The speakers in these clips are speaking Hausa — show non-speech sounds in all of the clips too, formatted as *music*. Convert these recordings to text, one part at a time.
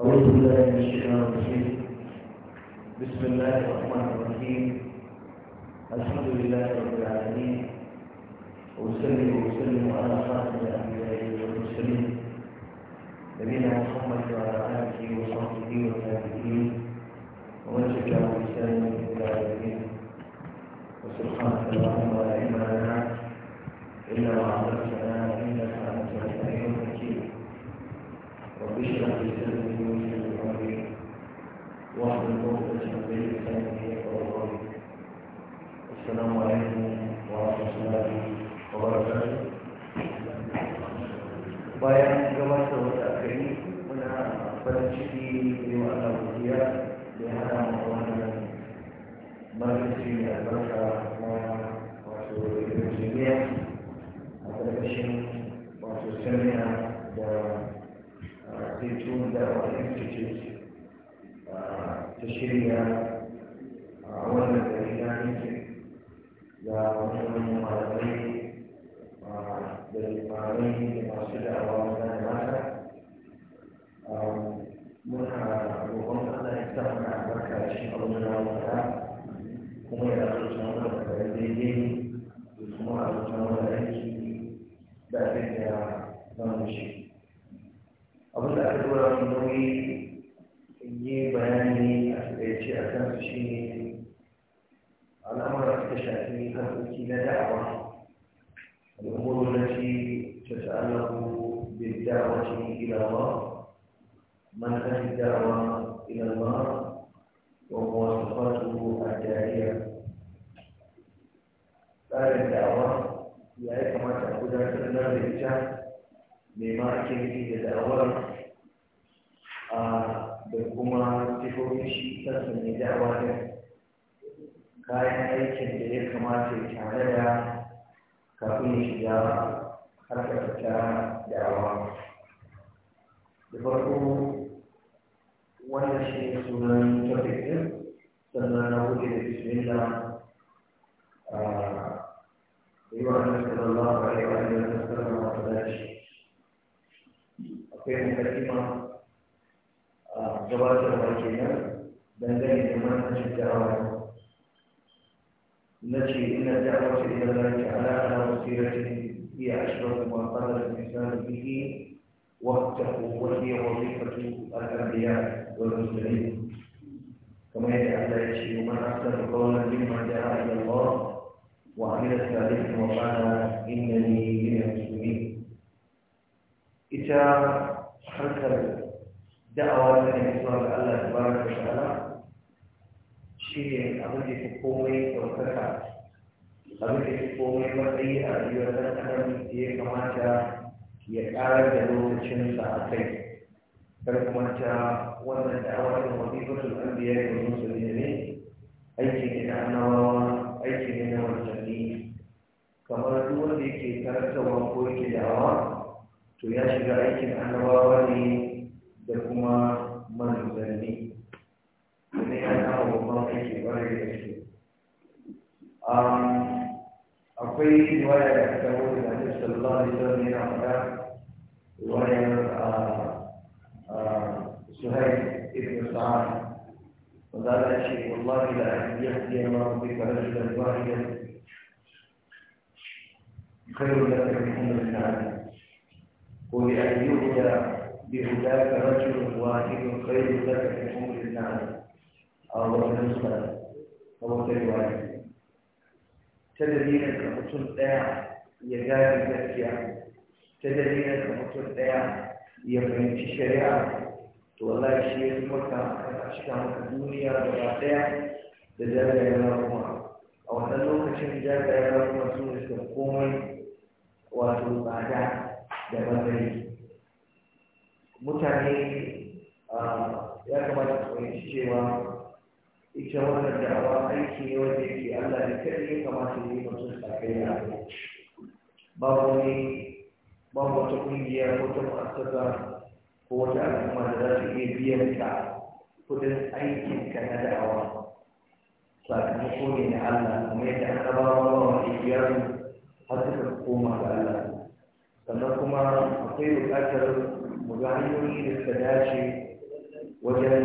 أعوذ بالله من الشيطان الرجيم بسم الله الرحمن الرحيم الحمد لله رب العالمين وسلم وسلم على خاتم الأنبياء والمرسلين نبينا محمد وعلى آله وصحبه والتابعين ومن تبعهم بإحسان إلى الدين وسبحانك اللهم لا علم لنا إلا ما علمتنا إنك أنت العليم الحكيم رب اشرح لي صدري وأهل الموقف بين خيره وغيره السلام عليكم ورحمة الله وبركاته bayan gabatar wata akari muna farin ciki ne wa Allah godiya da ya hada mu wannan markaci mai albarka na wato Injiniya a ƙarƙashin wato Samiya da Tetu da Institute ta shirya a wannan gari na nufin wani wasu malamai da limamai da masu da'awa na mata muna roƙon Allah ya sa mana albarka da shi a wajen wata kuma ya zuciya mana da daidai da kuma a zuciya mana da aiki da abin da za mu shi abin da aka dora nauyi yi bayani a tsayyace a kansu shi ne al'amuran suka shafi harkoki na da'awa da kuma lati ta ta'allaku bil da'wati ila Allah manhaj da'wa ila Allah wa muwasafatu ad-da'iyya tsarin da'awa ya yi kamata a gudanar da ita mai ma ake nufi da da'awar ah, da kuma sifofin shi sassan mai da'awa da kayan aikin da ya kamata ya tare da kafin shiga harkar ta da'awa da farko wannan shi ne sunan topic din sannan na hudu da bismillah yi wa annabi sallallahu alaihi wa sallam wa sallam akwai mukaddima gabatarwa kenan dangane da manhajin الدعوة التي إن الدعوة إلى الله تعالى على وسيلته هي أشرف ما قدر الإنسان به وقته وهي وظيفة الأنبياء والمرسلين كما يتعالى يشيء من أحسن قولا ممن دعا إلى الله وعمل صالحا وقال إنني من المسلمين إذا حركة da'awa da ne zuwa ga Allah da bara da ta'ala shi ne abin da ya komai ɗaukaka abin da ya komai matsayi a rayuwar ɗan adam da ya kamata ya ƙarar da lokacinsa a kai kar kuma ta wannan da'awa da an biya da musu ne aiki ne na annabawa aiki ne na manzanni kamar duk wanda yake karantarwa ko yake da'awa to ya shiga aikin annabawa ne da kuma manzanni ne ya kawo babban aiki kwarai da shi akwai riwaya da ta wuce da Annabi sallallahu alaihi wasallam yana faɗa riwayar ah, ah, Suhaib ibn Sa'ad wanda Allah ce wallahi la yahdi Allahu bika rajulan wahidan khairun laka min umrin nas ko bi an yuhda بهداك رجل واحد خير لك في حمر النعم أو نسخة أو رواية تدرينا كمتن داع يجاري تسيا تدرينا كمتن داع يفهمش شريعة والله الشيخ مكة أشكى الدنيا والعافية لجل يراكم أو تلوك شن جل يراكم سورة القوم وتوقع داع دبابين mutane ah, ya kamata su fahimci cewa ita wannan da'awa aiki ne wanda yake Allah ne kaɗai ya kamata ya yi mutum sakai da babu wani babu wata ƙungiya ko ta mu'assasa ko wata al'umma da za su iya biyan ka kudin aikin ka na da'awa sakamako ne na Allah kuma yadda aka ba wa wa iyalu har suka koma ga Allah sannan kuma akwai buƙatar mu da suka dace wajen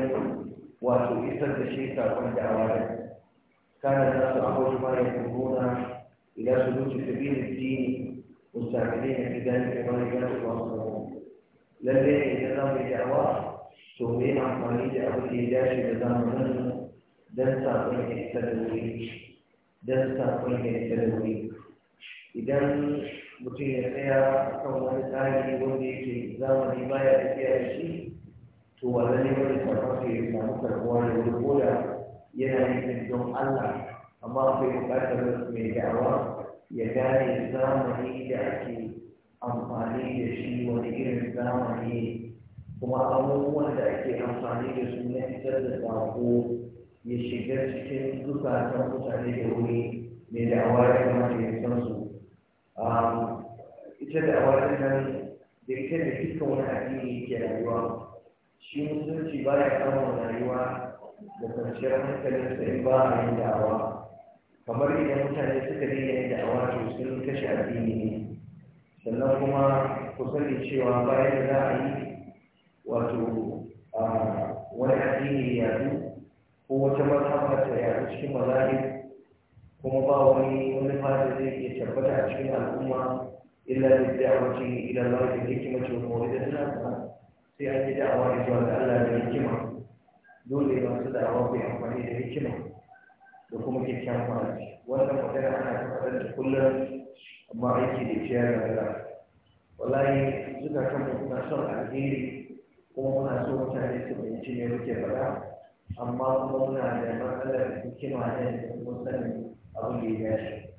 wato isar da shi sakon da'awa da kana za su abu ma ya kuruna idan su zuci su bi addini mustaqili na gidan da kuma gidan su wasu lalle ne idan za mu yi da'awa to mu yi amfani da abu da ya dace da zamanin don sakon ya isa da wuri don sakon ya isa da wuri idan mutum ya tsaya kan wani tsari wanda yake zamani baya da da shi to wa ne wani sarrafa ya samu karbuwa da wani koda yana yin don Allah amma akwai bukatar mai da'awa ya gane zamani da ake amfani da shi wani irin zamani kuma abubuwan da ake amfani da su na fitar da sako ya shiga cikin zukatan mutane da wuri mai da'awa ya kamata ya san su ita da awar nan da ita da dukkan wani addini ke rayuwa shi musulunci baya kama samun rayuwa da kwanciyar hankalin sai ba a yin da'awa kamar idan mutane suka daina yin da'awa to sun kashe addini ne sannan kuma ku sani cewa bayan da za a yi wato wani addini ya ko wata mazhaba ta yaɗu cikin mazahib kuma ba wani wani fata zai iya tabbata a cikin al'umma illa da da'awaci idan Allah da hikima ce ko da tana sai an yi da'awa zuwa ga Allah da hikima dole ba su da'awa ku amfani da hikima da kuma kyakkyawan farashi wannan magana ana faɗar da kullum amma aiki da ciya ga Allah wallahi zuka kan muna son alheri kuma muna so mutane su fahimci me muke faɗa amma kuma muna da matsalar hikima ne da kuma sanin abin da ya dace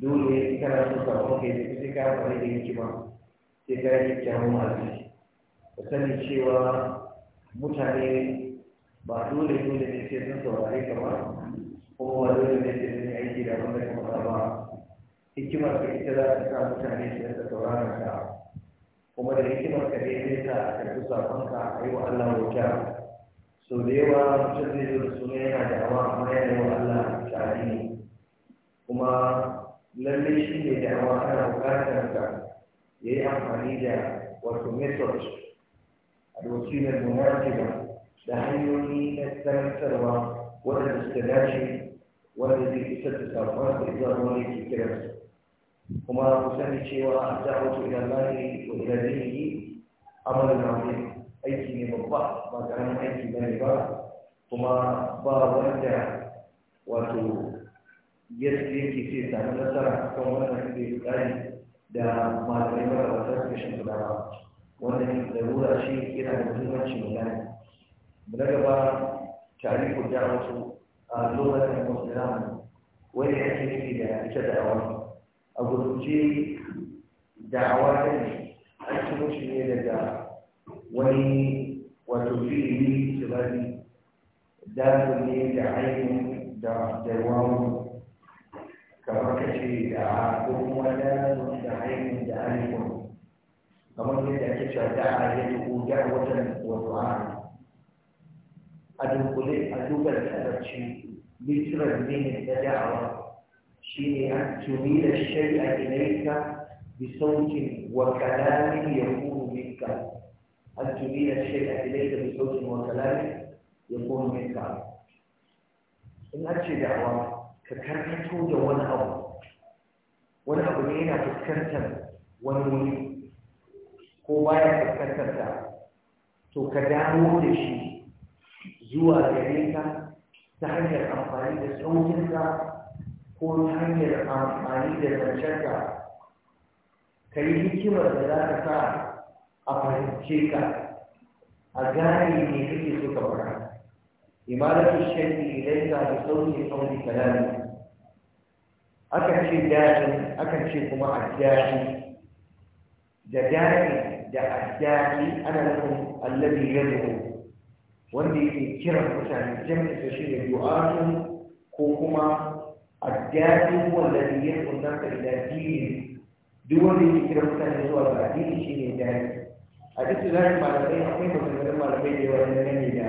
dole kana so ka kuma ke da kusa ka fara da hikima sai ka kyakkyawan masu ka sani cewa mutane ba dole dole ne sai sun saurare ka ba kuma ba dole ne sai sun yi aiki da wanda ka faɗa ba hikimar ka ita za ta sa mutane su yadda sauraron ka kuma da hikimar ka ne zai sa a karɓi saƙonka a yi wa Allah wuta sau da yawa mutum zai zo da suna yana da amma amma yana yi wa Allah ne kuma lallai shi ne da awa ana bukatar ka ya yi amfani da wato methods a dokiyar munafiba da hanyoyi na karantarwa waɗanda suka dace wanda zai isar da sakon da zuwa wani ke kuma ku sani cewa a da'awatu ila Allah wa ila dinihi aiki ne babba ba karamin aiki bane ba kuma ba wanda wato yadda yake ke samu nasara kan wannan suke tsari da malamai mara wata suka shimfiɗa ba wannan larura shi yana da muhimmanci mu gane mu na gaba tarihu da wasu a lokacin musulman wani ake nufi da ita da'awa a gurguje da'awa ta ne an ciro ne daga wani wato fi'ili shirari dalil ne da ainihin da da kamar ka ce da ah, ko kuma da da ainihin da ainihin kamar yadda ake cewa da a yi duku da watan wato a a dunkule a dubar tsarci literal meaning da da'awa shi ne an tuni da shari'a ilaika bi sautin wa kalamin ya kuru minka an tuni da shari'a ilaika bi sautin wa kalamin ya kuru minka in an ce da'awa ka karkato da wani abu wani abu ne yana fuskantar wani wuri ko baya fuskantar ta to ka dawo da shi zuwa gare ka ta hanyar amfani da saukinka ko ta hanyar amfani da zancenka ka yi hikimar da za ka sa a fahimce ka a gane ne kake so ka fara imaratu shari'i ilaika da sauke sauki kalami akan ce daɗi akan ce kuma addaɗi da daɗi da addaɗi ana nufin allabi ya wanda yake kiran mutane jami'a shi da du'atun ko kuma addaɗi wallabi ya kunna ka ila dini duk wanda yake kiran mutane zuwa ga addini shi ne daɗi a duk zarin malamai akwai maganganun malamai da yawa na gane da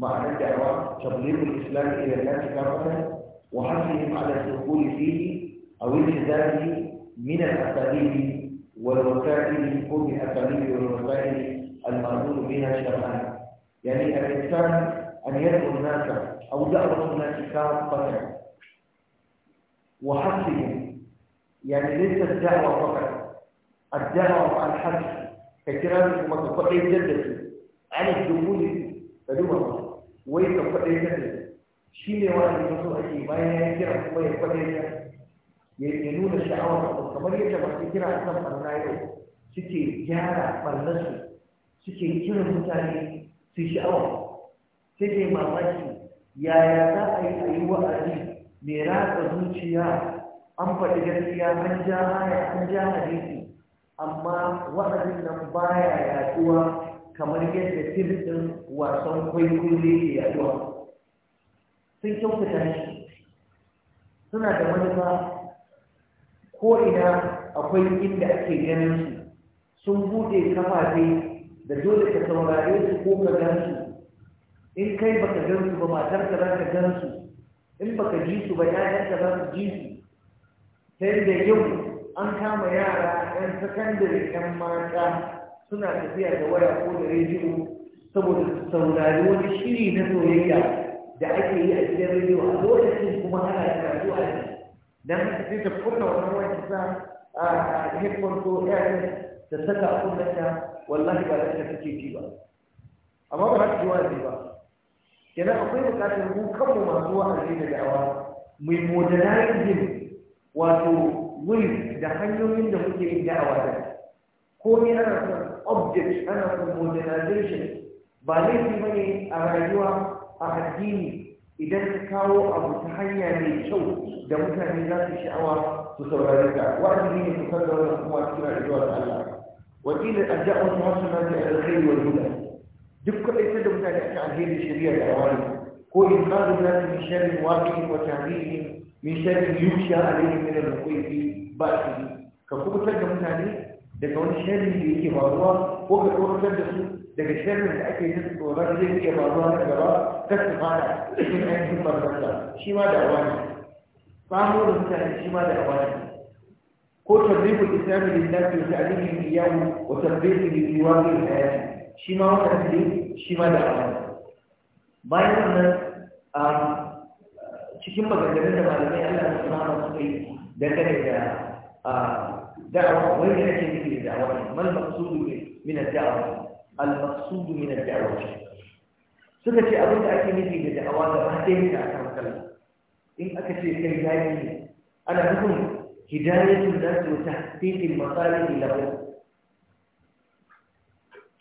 ma'anar da'awa tablirul islam ila nasi kafatan وحثهم على الدخول فيه أو الحذار من الأساليب والوسائل كل الأساليب والوسائل المأمور بها شرعا يعني الإنسان أن يدعو الناس أو دعوة الناس كافة وحثهم يعني ليس الدعوة فقط الدعوة الحث ككلامكم ما تفقه جدته على الدخول فدوما ويتفقه جدته shi ne wani da so ake bayan ya kira kuma ya kwaɗe ya ya nuna sha'awar ba, kamar yadda masu kira a kan ɓarna yau suke gyara ɓarnarsu suke kiran mutane su sha'awa ke mamaki yaya za a yi a yi wa'azi mai ratsa zuciya an faɗi gaskiya an ja haya an ja hadisi amma wa'azin nan baya yaduwa kamar yadda fim ɗin wasan kwaikwayo ke yaduwa sun kyautata shi suna da manufa ko ina akwai inda ake ganin su sun buɗe kafafe da dole ka saurare su ko ka gan su in kai baka gan su ba matar ka zaka gan su in baka ji su ba ƴaƴan ka za su ji su sai da yau an kama yara 'yan sakandare 'yan mata suna tafiya da waya ko da rediyo saboda saurari wani shiri na soyayya da ake yi a cikin rediyo a lokacin kuma ana karatu a yi dan haka sai ta kunna wannan wani sa a headphone ko airphone ta saka a kunnanta wallahi ba za ta fice ji ba amma ba za ta ji wa'azi ba kenan akwai bukatar mu kanmu masu wa'azi da da'awa mu yi modernizing wato wuri da hanyoyin da muke yin da'awa da ko ni ana son object ana son modernization ba laifi bane a rayuwa a addini idan ka kawo abu ta hanya mai kyau da mutane za su sha'awa su saurari ka wa'azi ne ku kan zaune kuma kira da zuwa Allah wakilin addu'a ta wasu na ji alkhairi wal huda duk kaɗai sai da mutane ake alheri shari'a da awali ko in ka zuwa min sharri waqi wa tahrihi min sharri da alayhi min al shi ne. ka kubutar da mutane daga wani sharri da yake faruwa ko ka ɗaukar da su daga shirin da ake yin tsoron zai iya faruwa na gaba kar su fara cikin ainihin barbarta shi ma da awani samu da mutane shi ma da awani ko tarbibu islami lillahi wa ta'limin iyahu wa tarbibu li waqi'il hayati shi ma wata ne shi ma da awani bayan wannan cikin maganganun da malamai Allah su mama suka yi dangane da da'awa wani yake nufi da da'awa mal maqsudu min ad-da'awa al-maqsud min ad-da'wa suka ce abin da ake nufi da da'awa da ba ta yi da aka makalla in aka ce kai zaki ne ana nufin hidayatul nas wa tahqiqil masalih lahu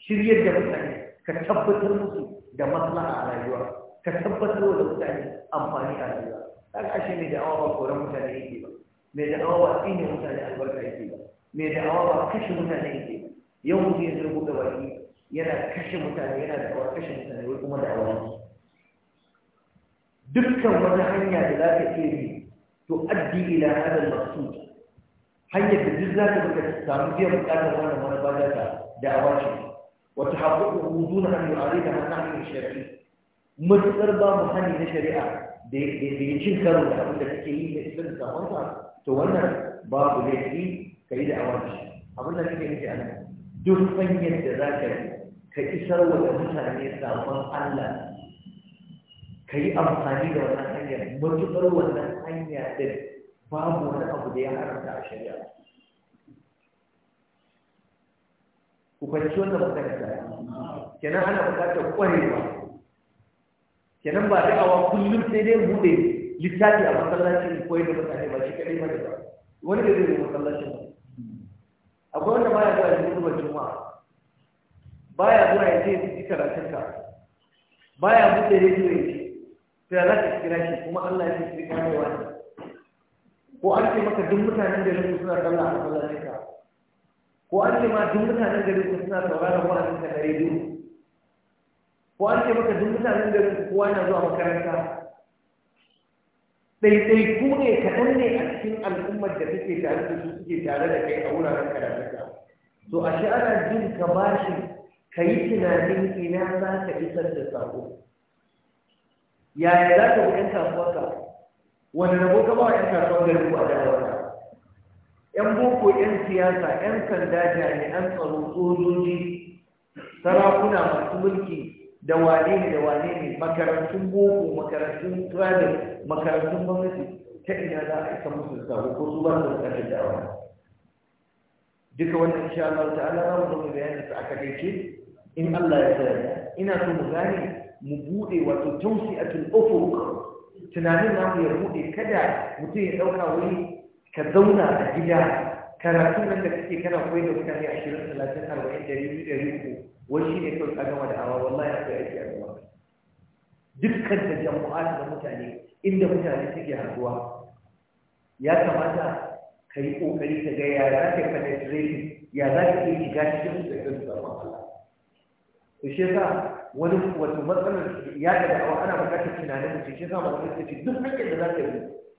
shiryar da mutane ka tabbatar musu da maslaha a rayuwa ka tabbatar da mutane amfani a rayuwa kaga ashe ne da awa ba koran mutane yake ba me da awa ba tsine mutane albarka yake ba me da awa ba kashe mutane yake ba yau mutum ya zurgu da baki yana kashe mutane yana da kawar kashe mutane wai kuma da awon dukkan wata hanya da za ka iya bi to addi ila hadal maqsud hanyar da duk za ka baka samu biyan bukatar wannan wani ba da da'awa ce wa tahaqququ hudun an yu'arida an nahyi shar'i mutsar ba mu hani na shari'a da ya cin karo da abin da kake yi da islam da to wannan babu laifi yi da awanci abin da kake yi a nan duk hanyar da za ka yi ka isar wa da mutane saƙon Allah ka yi amfani da wannan hanyar matuƙar wannan hanya ɗin babu wani abu da ya haramta a shari'a ku fahimci wannan makaranta kenan ana buƙatar ƙwarewa kenan ba da awa kullum sai dai buɗe littafi a masallacin koyar da mutane ba shi kaɗai ba da ba wani da zai yi masallacin ba akwai wanda baya zuwa ya zuwa juma'a baya zuwa ya ce ji karatunka baya buɗe rediyo ya ce sai za ka kira shi kuma Allah ya ce shi kamewa ne ko an ce maka duk mutanen da garin suna zalla a masallacin ka ko an ce ma duk mutanen da garin suna sauraron wa'azin ka na rediyo ko an ce maka duk mutanen da garin kowa na zuwa makaranta ɗaiɗai ku ne kaɗan ne a cikin al'ummar da take tare da su suke tare da kai a wuraren karatunka to a shi ana jin ka bashi ka yi tunanin ina za ka isar da sako yaya za ka bi kasuwarka wani rabo ka ba wa ɗan kasuwar gari ba da wata ‘yan boko ‘yan siyasa ‘yan sanda jami'an tsaro sojoji sarakuna masu mulki da wane ne da wane ne makarantun boko makarantun tradin makarantun gwamnati ta ina za a isa musu sabo ko su ba su bukatar da'awa duka wannan insha Allah ta'ala za mu zo mu bayanin su aka dace, in Allah ya tsaya ina so mu gane mu bude wato tawsi'atul ufuq tunanin namu ya bude kada mutum ya dauka wuri ka zauna a gida karatun nan da kake kana koyar da mutane ashirin talatin arba'in ɗari biyu ɗari uku wai shi ne kawai ka gama da hawa wallahi akwai aiki a gaba dukkan da jama'at da mutane inda mutane suke haɗuwa ya kamata ka yi ƙoƙari ka ga ya za ka penetration ya za ka iya shiga cikin su da irin tsaron Allah to shi yasa wani wato matsalar ya da da'awa ana buƙatar tunanin mutum shi yasa malamai suka ce duk hakkin da za ka yi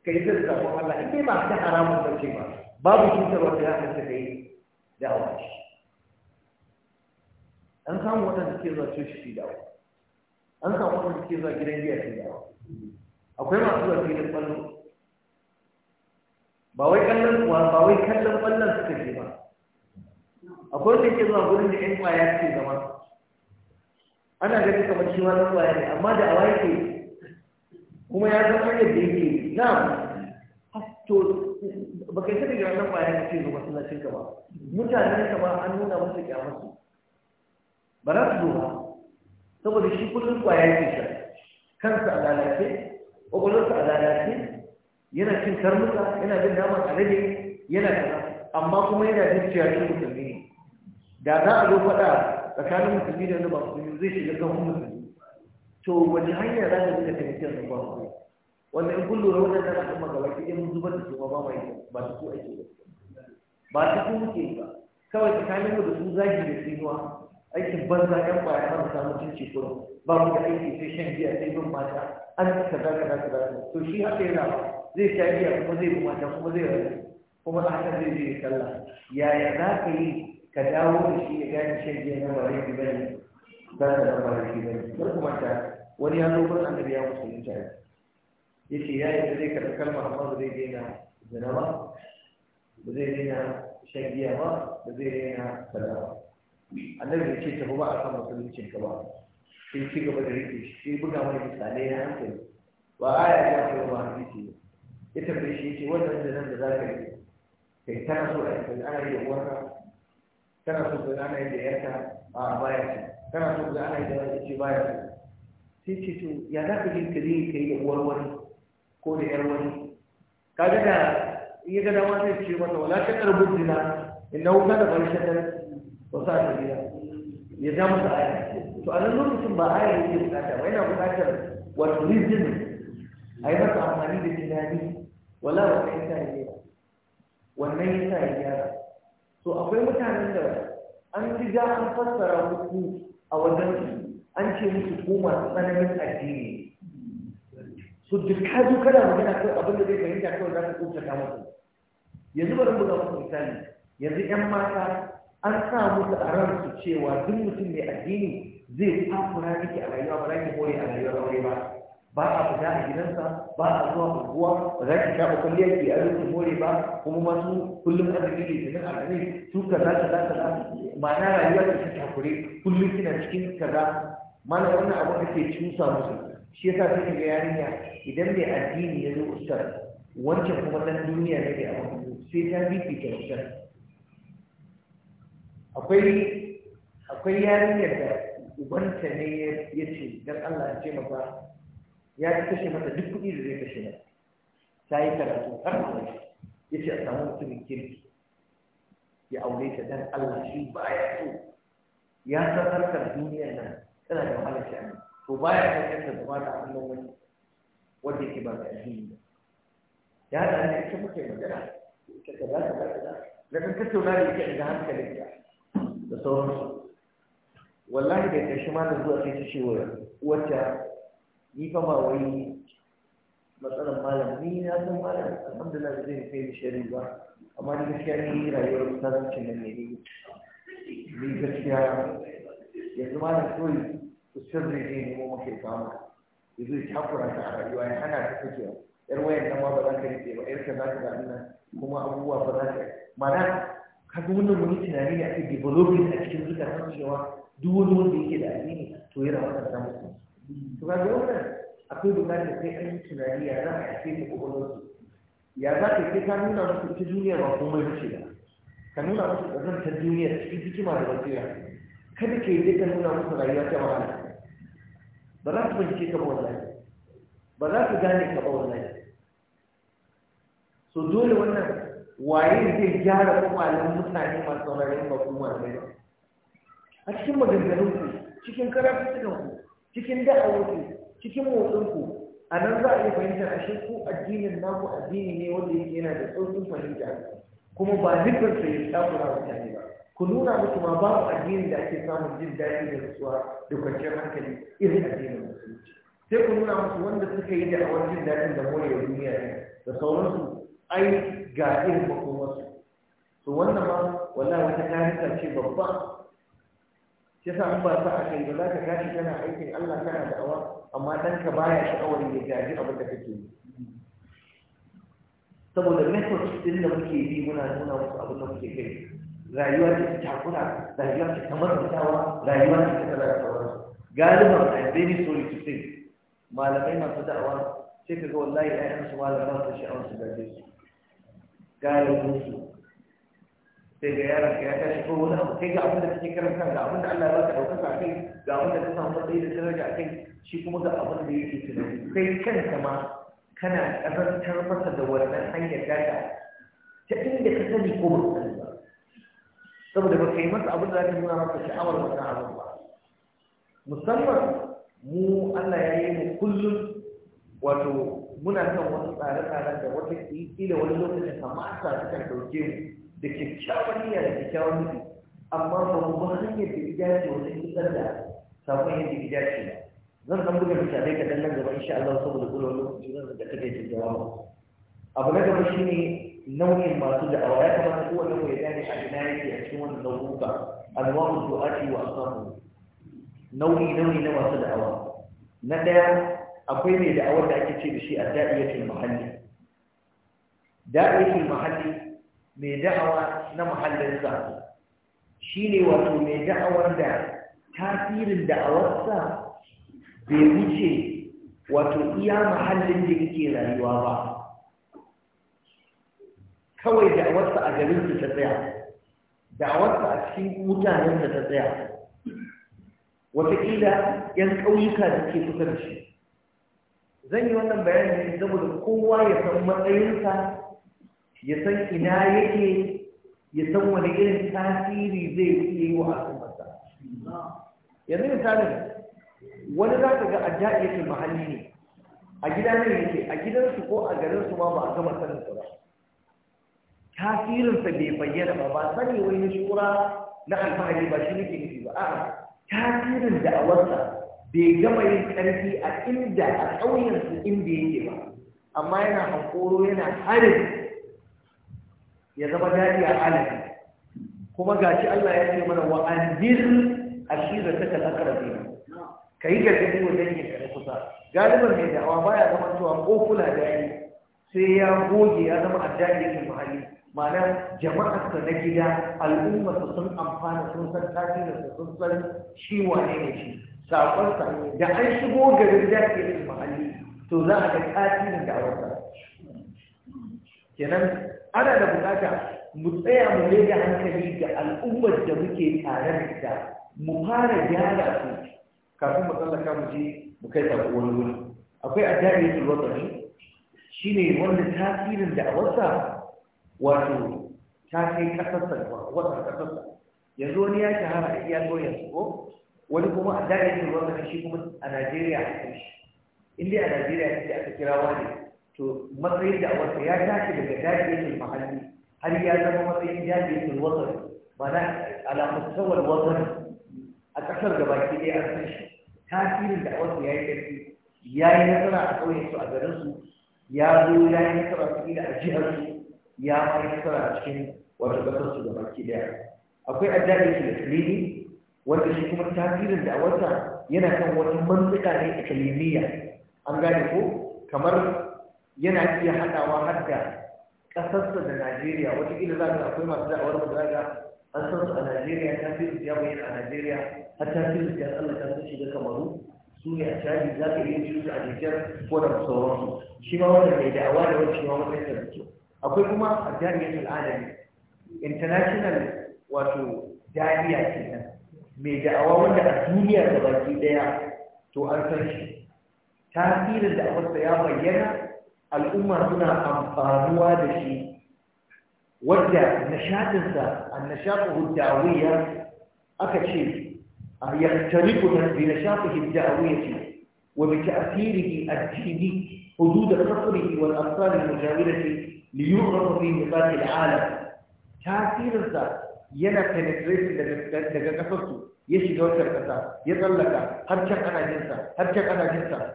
ka yi zai tsaron Allah in dai ba ta haramun ba ce ba babu cutarwa da ya ta kai da awa shi an samu waɗanda ke zuwa coci fi da an samu waɗanda ke zuwa gidan giya fi da akwai masu zuwa filin ƙwallo ba wai kallon kuwa ba wai kallon ƙwallon suka ke ba akwai wanda ke zuwa gurin da ƴan ƙwaya ke zama ana ganin kamar shi ma ɗan ƙwaya ne amma da awa yake kuma ya zama yadda yake na to ba kai sai da wannan ya ce zo masallacin ka ba mutane ka ba an nuna masa kyamar su ba za su zo ba saboda shi kullum kwaya ke sha kansa a lalace ƙwaƙwalwarsa a lalace yana cin karnuka yana jin naman alade yana kaza amma kuma yana jin cewa shi musulmi da za a zo faɗa tsakanin musulmi da wani ba musulmi zai shiga kan musulmi to wani hanya za ka dinga taimakon da ba musulmi wanda in kullu da wajen tana kuma ga ki in zubar da kuma ma ba mai ba su ku ake da ba su kuma muke ba kawai ta mu da su zagi da tsinuwa aikin banza yan baya marasa mutunci kurum ba mu da aiki sai shan giya sai bin mata an kaza kaza kaza to shi haka yana zai sha giya kuma zai bi mata kuma zai rayu kuma da haka zai je sallah yaya za ka yi ka dawo da shi ya gane shan giya na bare ki bane ba da bare ki bane kar kuma ta wani ya zo gurin annabi ya musulunta yake ya yi zai karɓi kalmar amma ba zai daina zina ba ba zai daina shan giya ba ba zai daina kaza ba annabi da ce tafi ba a kan musuluncin ka ba sai ci gaba da rike shi sai buga mai misalai na hankali ba aya ya kai ba hadisi ne ya tafi shi ce wannan zinan da za ka yi kai tana so a yi ana yi da uwarka tana so ka ana yi da yarka a baya ce tana so ka ana yi da yarka ce baya ce sai ce to ya za ka yi kare kai ka da uwar wani ko da yar wani kaga da iya ga dama sai ce masa wala ta karbu dina innahu da barshatan wa sa'a dina ya ja masa aya to a nan lokacin ba aya yake bukata ba yana bukatar wato reasoning a yi ta amfani da tunani wala ba ya sa ne wannan ya ya gyara to akwai mutanen da an ga an fassara muku a wajen an ce musu ko masu tsananin addini so duk ka zo magana kan abin da zai fahimta kawai za ka kuka ta masa yanzu bari mu ga misali yanzu 'yan mata an sa musu a su cewa duk mutum mai addini zai takura miki a rayuwa ba za ki a rayuwar aure ba ba a fita a gidansa ba a zuwa unguwa ba za ki shafa kwalliya ke a zuwa more ba kuma masu kullum azumi ne a alami su ka kaza za kaza ma'ana rayuwa ta ta takure kullum kina cikin kaza mana wannan abin da ke cusa musu shi yasa sai ga yarinya idan bai addini ya zo ustar wancan kuma dan duniya ne ke abu sai ta ta ustar akwai akwai yarinyar da ubanta ne ya ce dan Allah ya ce maka ya kashe mata duk kuɗi da zai kashe mata ta yi karatu har da ya ce a samu mutumin kirki ya aure ta dan Allah shi ba ya so ya san harkar duniyar nan tana da wahalar sha'ani to baya kakkanta zuwa da hannun wani wanda yake ba da addini ba ya da ne ita muke magana ita ka za ka za ka za na kan tattauna da ita inda hankalin ta da su wallahi da ƙarshe ma da zuwa sai ta ce wacce ni fa ba wai matsalar malam ni na san malam alhamdulillah da zai kai shari'a ba amma ni gaskiya ni rayuwar ustazancin nan ne ni gaskiya yanzu malam soyi to sirri ne ne mu ke samu yanzu ya takura ta a rayuwa ya hana ta sakewa yar wayan nan ma ba za ka rike ba yar ka za ka zaɓi nan kuma abubuwa ba za ka mana ka ga wannan wani tunani ne ake developing a cikin zukatan cewa duk wani wanda yake da addini to yana wata ta samun to ka ga wannan akwai bukatar kai an yi tunani ya za a ake ce ta kwakwalwarsu ya za ka ke ka nuna musu ta duniya ba komai ba ce ba ka nuna musu ta duniya cikin hikima da basira kada ka yi ka nuna musu rayuwa ta wahala ba za su bincike ka ba wallahi ba za su gane ka ba wallahi so dole wannan waye zai gyara kwakwalen mutane masu sauraron ba kuma ba a cikin maganganun ku cikin karatun ku cikin da'awar ku cikin motsin ku a nan za a fahimta fahimtar shi ko addinin naku addini ne wanda yake yana da tsaukin fahimta kuma ba dukkan sai ya takura mutane ba ku nuna musu ma babu addini da ake samun jin daɗi da rasuwa da kwanciyar hankali irin addinin musulunci sai ku nuna musu wanda suka yi da awon jin daɗin da morewa duniya ne da sauransu ai ga irin makomarsu to wannan ma wallahi wata tarihi ce babba shi yasa in ba sa a kai ba za ka gashi kana aikin Allah kana da'awa amma dan ka baya sha'awar ya gaji abin da kake yi saboda method din da muke bi muna nuna musu abin da muke kai rayuwa ce ta kula, rayuwa ce ta matsantawa rayuwa ce ta kaza sauransu galiban a very sorry to say malamai masu da'awa sai ka ga wallahi ayyan su malama su sha'awar su gaje su galibin su sai ga yaran ka ya tashi ko wani abu kai ga abin da kake karanta ga abin da Allah ya baka ɗaukaka kai ga abin da ka samu matsayi da daraja kai shi kuma ga abin da yake tunani kai kanka ma kana kazantar masa da wannan hanyar gaga ta inda ka sani ko ba saboda ba ka yi masa abin da za ka nuna masa sha'awar wannan abin ba musamman mu Allah ya yi mu kullum wato muna kan wasu tsare tsare da wata kila wani lokacin kamata sukan ɗauke mu da kyakkyawan niyya da kyakkyawan nufi amma ba mu ba hanyar da ya dace wajen isar da sabon yadda ya dace ba zan san buga misalai ka dan nan gaba insha Allah saboda kullum lokacin da kake jin jawabi abu na gaba shine nau'in masu da'awa ya kamata kowane mu ya gane a ina yake a cikin wannan nau'uka alwamu du'ati wa asabu nau'i nau'i na masu da'awa na daya akwai mai da'awar da ake ce da shi adda'iyatul muhalli da'iyatul muhalli mai da'awa na muhallinsa shine wato mai da'awar da tasirin da'awarsa bai wuce wato iya muhallin da yake rayuwa ba kawai da'awarsa a garin su ta tsaya da'awarsa a cikin mutanen da ta tsaya wataƙila 'yan ƙauyuka da ke kusa da shi zan yi wannan bayani ne saboda kowa ya san matsayinsa ya san ina yake ya san wani irin tasiri zai iya yi wa al'ummarsa yanzu misali wani za ka ga yake mahalli ne a gida ne yake a gidansu ko a garinsu ma ba a gama sanin ba tasirinsa bai bayyana ba ba sani wani shura na alfahari ba shi nake nufi ba a'a tasirin da'awarsa bai gama yin ƙarfi a inda a ƙauyensu inda yake ba amma yana hankoro yana harin ya zama daɗi a alaƙi kuma gashi Allah ya ce mana wa anzir ashiratakal aqrabin ka yi gargaɗi wa dangin ka na kusa galibin mai da'awa baya zama cewa ko kula da yi sai ya goge ya zama addani yake muhalli ma'ana jama'ar na gida al'umma su sun amfana sun san da su sun san shi wane ne shi sakon sa da an shigo garin da ke da mahalli to za a ga tasirin da dawarsa kenan ana da bukata mu tsaya mu ne da hankali ga al'ummar da muke tare da ita mu fara gyara su kafin mu tsallaka mu je mu kai sako wani wuri akwai addabi sul Shi shine wanda tasirin da a wasa? wato ta kai kasarsa wata kasarsa yanzu wani ya shahara a iya doyar ko wani kuma a daɗin yin wanda shi kuma a Najeriya a kan shi Inda a Najeriya kake aka kira wani to matsayin da wata ya tashi daga daɗin mahalli har ya zama matsayin daɗin yin wasar mana alamun tsawar wasar a ƙasar da baki ɗaya an san shi tasirin da wasu ya yi ƙarfi ya yi nasara a ƙauyensu a garinsu ya zo ya yi nasara su a jiharsu. ya mai a cikin wato kasar su gaba ki daya akwai addini shi da kalimi wanda shi kuma tasirin da wata yana kan wata mantuka ne a kalimiyya an gane ko kamar yana iya haɗawa har da ƙasarsa da Najeriya wata ƙila za ka akwai masu da'awar mu ka an san su a Najeriya tasirin ya bayyana a Najeriya har tasirin ya tsallaka sun shiga Kamaru su ne a caji za ka iya cikin a jikin ko da sauransu shi ma wannan mai da'awa da wani shi ma da kyau akwai kuma a jami'atul adami international wato jami'a ce nan mai da'awa wanda a duniya da baki daya to an san shi tasirin da abarsa ya bayyana al'umma suna amfanuwa da shi wadda nishaɗinsa a nishaɗin da'awiyya aka ce a yaktariku da nishaɗin da'awiyya ce wa bi ta'asirihi addini حدود قصره والأبصار المجاورة ليعرف في نطاق العالم تأثير الذات yana penetration daga kasarsu ya shiga wata kasa ya tsallaka har can ana har can ana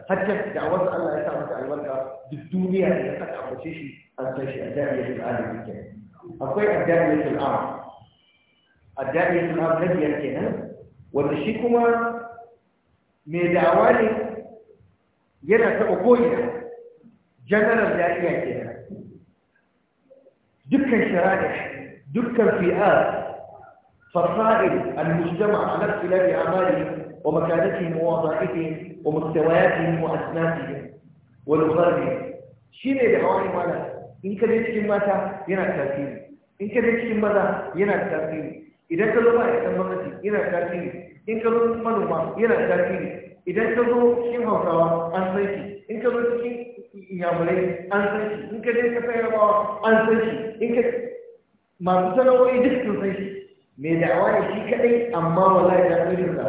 har can da a wasu Allah ya sa masa albarka duk duniya da ya saka ambace shi an san shi addariyatul alim kenan akwai addariyatul am addariyatul am shi kuma mai da'awa ne yana taɓa ko'ina general ya iya da, dukkan shari'a dukkan fi'ar fasa'il al-mujtama' ala ikhtilafi a'malihim wa makanatihim wa wada'ihim wa mustawayatihim wa asnafihim wa lughatihim shine da hawani mala in ka je cikin mata yana tasiri in ka je cikin maza yana tasiri idan ka zo ba a kan gwamnati yana tasiri in ka zo manoma yana tasiri idan ka zo cikin hausawa an san shi in ka zo cikin yamurai an san shi in ka je ka sai rabawa an san shi in ka masu sana'o'i duk sun san shi mai da'awa ne shi kaɗai amma wallahi da ƙarfin sa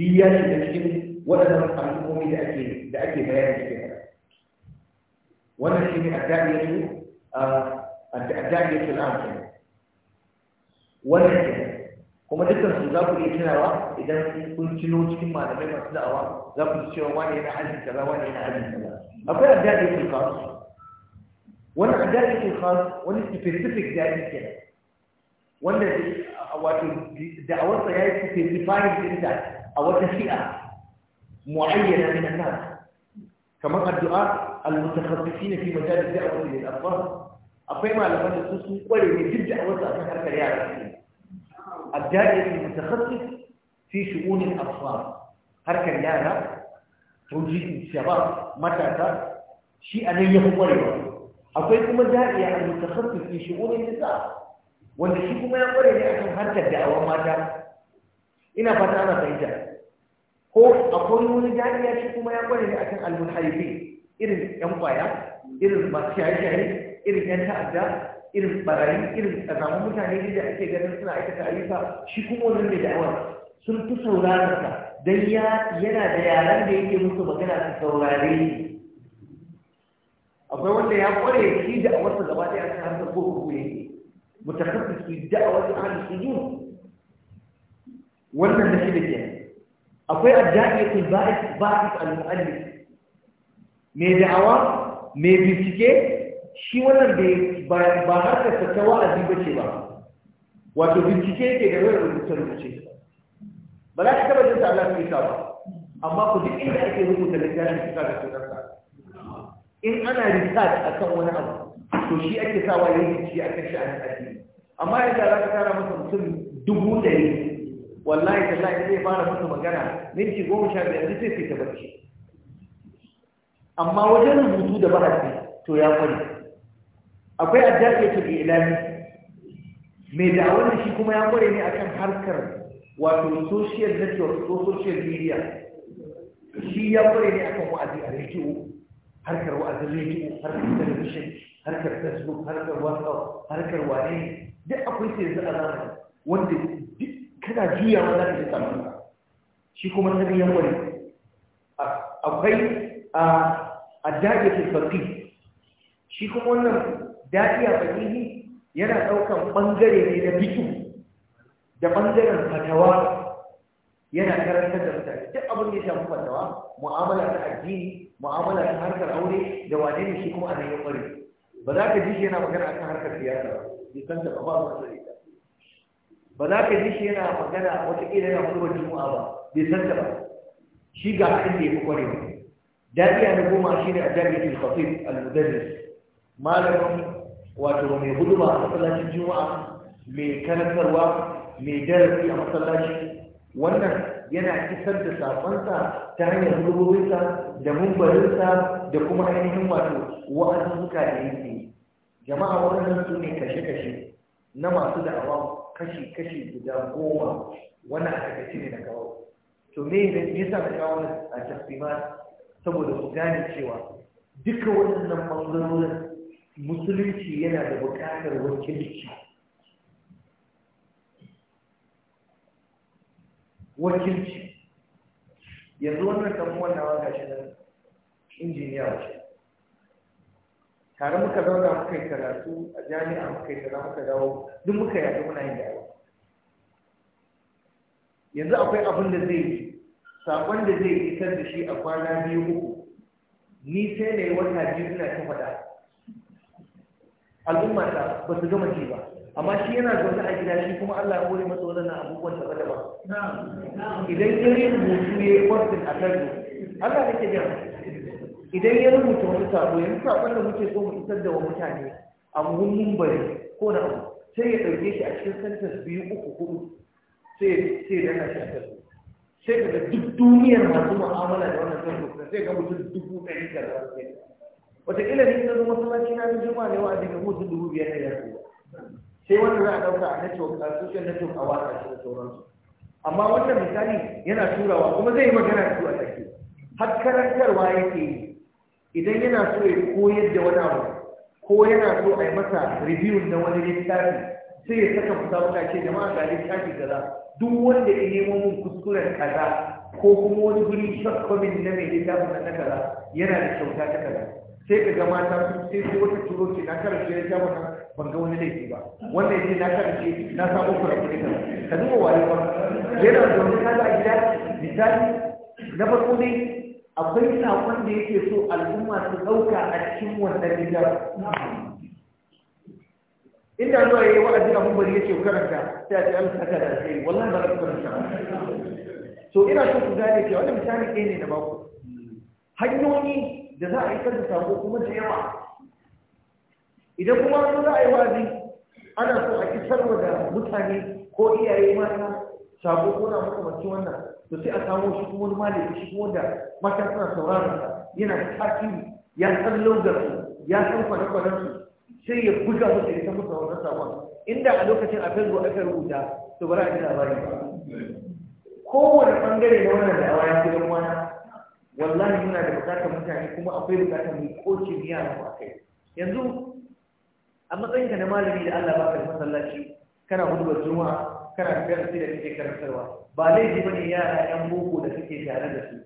duk ya shiga cikin waɗannan al'ummomi da ake da ake bayani cikin sa wannan shi ne ya adda'iyatu ah, adda'iyatu al'amfani wannan kuma dukkan su za ku iya tunawa idan kun cino cikin malamai masu da'awa za ku ji cewa wani yana hajji kaza wani yana hajji kaza akwai adadi ke khas wani adadi ke khas wani specific daɗi ke wanda wato da'awarsa ya yi specifying da a wata shi'a mu'ayyana min annas kamar addu'a al-mutakhassisin fi majal da'wati lil-atfal akwai malaman da su sun kware ne duk da'awarsa kan harkar yara الدائري المتخصص في شؤون الأطفال هركا يارا توجيه الشباب متى شيء أني يخبره akwai kuma da'iya a mutakhassif fi shu'unin wanda shi kuma ya kware ne akan harkar da'awar mata ina fata ana fahimta ko akwai wani da'iya shi kuma ya kware ne akan al-munharifin irin yan kwaya irin masu shaye-shaye irin yan ta'adda irin barayi irin tsanamun mutane da ake ganin suna aikata ayyuka shi kuma wannan mai da'awar sun fi sauraron sa don yana da yaran da yake musu magana su saurare shi akwai wanda ya kware shi da'awar sa gaba ɗaya a cikin harkar ko ne mutakaffisi da'awar sa ahli yi. wannan da shi da ke akwai adda'iyatul ba'is ba'is al-mu'allif mai da'awa mai bincike shi wannan da ba da ta wa'azi ba ce ba wato bincike ke da wani rubuta rubuce ba za ka taba jin ta Allah ta ba amma ku duk inda ake rubuta littafin ga da sunansa in ana research akan wani abu to shi ake sawa yayin bincike akan shi a addini amma yadda za ka tara masa mutum dubu ɗari wallahi tallahi zai fara musu magana minti goma sha biyar zai sai ta barci amma wajen rubutu da bahasi to ya kwari akwai addafiyatul ilami mai da wannan shi kuma ya kware ne akan harkar wato social network ko social media shi ya kware ne akan wa'azi a rediyo harkar wa'azin rediyo harkar television harkar facebook harkar whatsapp harkar wane duk akwai sai yanzu a zamani wanda duk kana juya wa zaka ji samu shi kuma sanin ya kware akwai a ah, addafiyatul faqih shi kuma wannan da'iya fasihi yana daukan ɓangare ne na fito da ɓangaren fatawa yana karantar da mutane duk abin da ya shafi fatawa mu'amala ta addini mu'amala ta harkar aure da wane ne shi kuma a nan ya ba za ka ji shi yana magana akan harkar siyasa ba san da ba ba sai ta ba za ka ji shi yana magana wata kila yana hudu juma'a ba bai san da ba shi ga abin da ya fi ƙware ba da'iya na goma shi ne a jami'in khatib al-mudarris malamin wato mai huduma a masallacin juma'a mai karantarwa mai darasi a masallaci wannan yana isar da sabonsa ta hanyar rububinsa da mumbarinsa da kuma ainihin wato wa'azuzzuka da yake jama'a waɗannan su ne kashe-kashe na masu da'awa kashi-kashi guda goma wannan a takaice ne na kawo to me ne yasa na kawo a tafsimat saboda ku gane cewa duka waɗannan ɓangarorin musulunci yana da buƙatar wakilci wakilci yanzu wannan samuwan na waka shi nan injiniya wace tare muka zauna muka yi karatu a jami'a muka yi karatu muka dawo duk muka yaɗu muna yin dawo yanzu akwai abin da zai yi saƙon da zai isar da shi a kwana biyu uku ni sai na yi wata biyu ina ta faɗa al'umma ta ba su gama ji ba amma shi yana zaune a gida shi kuma Allah ya kore masa wadannan abubuwan da ba idan ya yi rubutu ya yi kwasin a kan Allah ne ke jan idan ya rubuta wani sabo yanzu sabon da muke so mu isar da wa mutane a muhimmin bari ko na abu sai ya ɗauke shi a cikin santas biyu uku hudu sai sai da shi a sai daga duk duniyar masu mu'amala da wannan santas sai ga mutum dubu ɗari da za su wataƙila ne ta zama masallaci na na jima ne wa'azi ga mutu dubu biyar da yarda sai wanda za a ɗauka a network a social network a watsa shi da sauransu amma wannan misali yana turawa kuma zai yi magana da su a take har karantarwa yake yi idan yana so ya koyar da wani abu ko yana so a yi masa review na wani littafi sai ya saka wata ce jama'a ga littafi kaza duk wanda ya nemo mun kuskuren kaza ko kuma wani guri shakkomin na mai littafin na kaza yana da kyauta ta kaza sai ka ga mata sai sai wata turo ce na karshe ya ja wata ban ga wani laifi ba wannan ce na karshe na samu kurabu ta ka duba wani ba yana zaune na a gida misali na farko dai akwai saƙon da yake so al'umma su ɗauka a cikin wannan gida inda zuwa yi wa'azi a mubari ce karanta sai a ce an saka da sai wannan ba ka karanta so ina so ku gane cewa wannan misali ɗaya ne na baku hanyoyi da za a yi da sako kuma da yawa idan kuma za a yi wazi ana so a isarwa da mutane ko iyaye mata sako ko na makamanci wannan to sai a samo shi kuma wani malami shi kuma da mata suna sauraron sa yana da tasiri ya san su ya san kwane su sai ya buga musu ya san musu wannan sakon inda a lokacin a facebook aka rubuta to bari a ji labari ba kowane ɓangare na wannan da'awa ya fi wani wallahi muna da bukatar mutane kuma akwai bukatar mu koce biya mu akai yanzu a matsayin ka na malami da Allah baka da masallaci kana hudubar juma'a kana darasi da kake karantarwa ba laifi bane yara yan boko da suke tare da su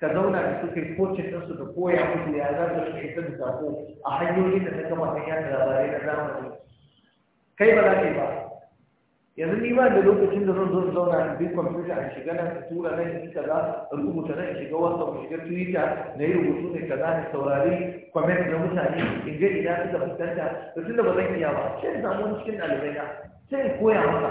ka zauna da su kai kocin ɗinsu da koya musu ya za su shi da sako a hanyoyin da ta kama kan yada labarai na zamani kai ba za ka yi ba yanzu ni ba da lokacin da zan zo zauna a bi kwamfuta a shiga na tura nan in kaza a rubuta na in shiga whatsapp in shiga tuwita na yi rubutu ne kaza ne saurari comment na mutane in ga ina suka fuskanta da da ba zan iya ba sai in samu wani cikin ɗalibai na sai in koya masa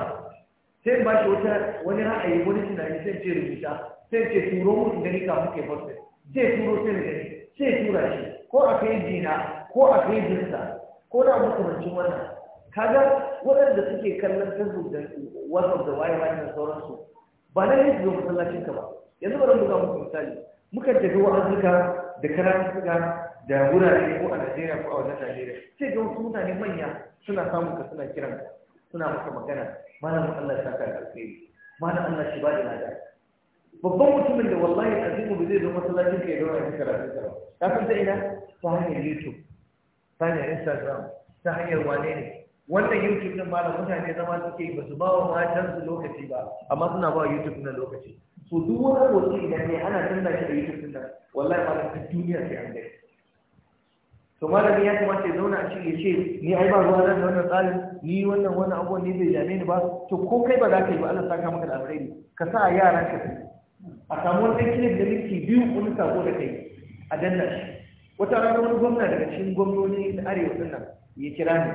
sai in ba shi wata wani ra'ayi wani tunani sai in ce rubuta sai in ce turo mu in gani kafin ke fasfe sai turo sai in gani sai tura shi ko a kai jina ko a kai jinsa ko na makamancin wannan kaga waɗanda suke kallon facebook da whatsapp da waye waye da sauransu ba na yin zuwa masallacin ka ba yanzu bari mu ga muku misali muka tafi wa'azuka da suka da wurare ko a Najeriya ko a wajen Najeriya sai ga wasu mutane manya suna samun ka suna kiran ka suna maka magana malamin Allah ya saka alheri malamin Allah shi ba da lada babban mutumin da wallahi azimu ba zai zo masallacin ka ya zo ya karatu ka ka san ta ina ta hanyar YouTube ta hanyar Instagram ta hanyar wane ne wannan youtube din malam mutane zama suke ba su ba wa matan su lokaci ba amma suna ba youtube din lokaci so duk wani roƙi idan ne ana canza shi da youtube din nan wallahi malam duk duniya sai an dai to malami ya kamata ya zauna a ciki ya ce ni ai ba ruwa da wannan tsarin ni wannan wannan abubuwan ne bai dame ni ba to ko kai ba za ka yi ba Allah saka maka da alheri ka sa yara ka a samu wani clip da miki biyu kun sako da kai a danna shi wata rana wani gwamna daga cikin gwamnoni da arewa din nan ya kira ni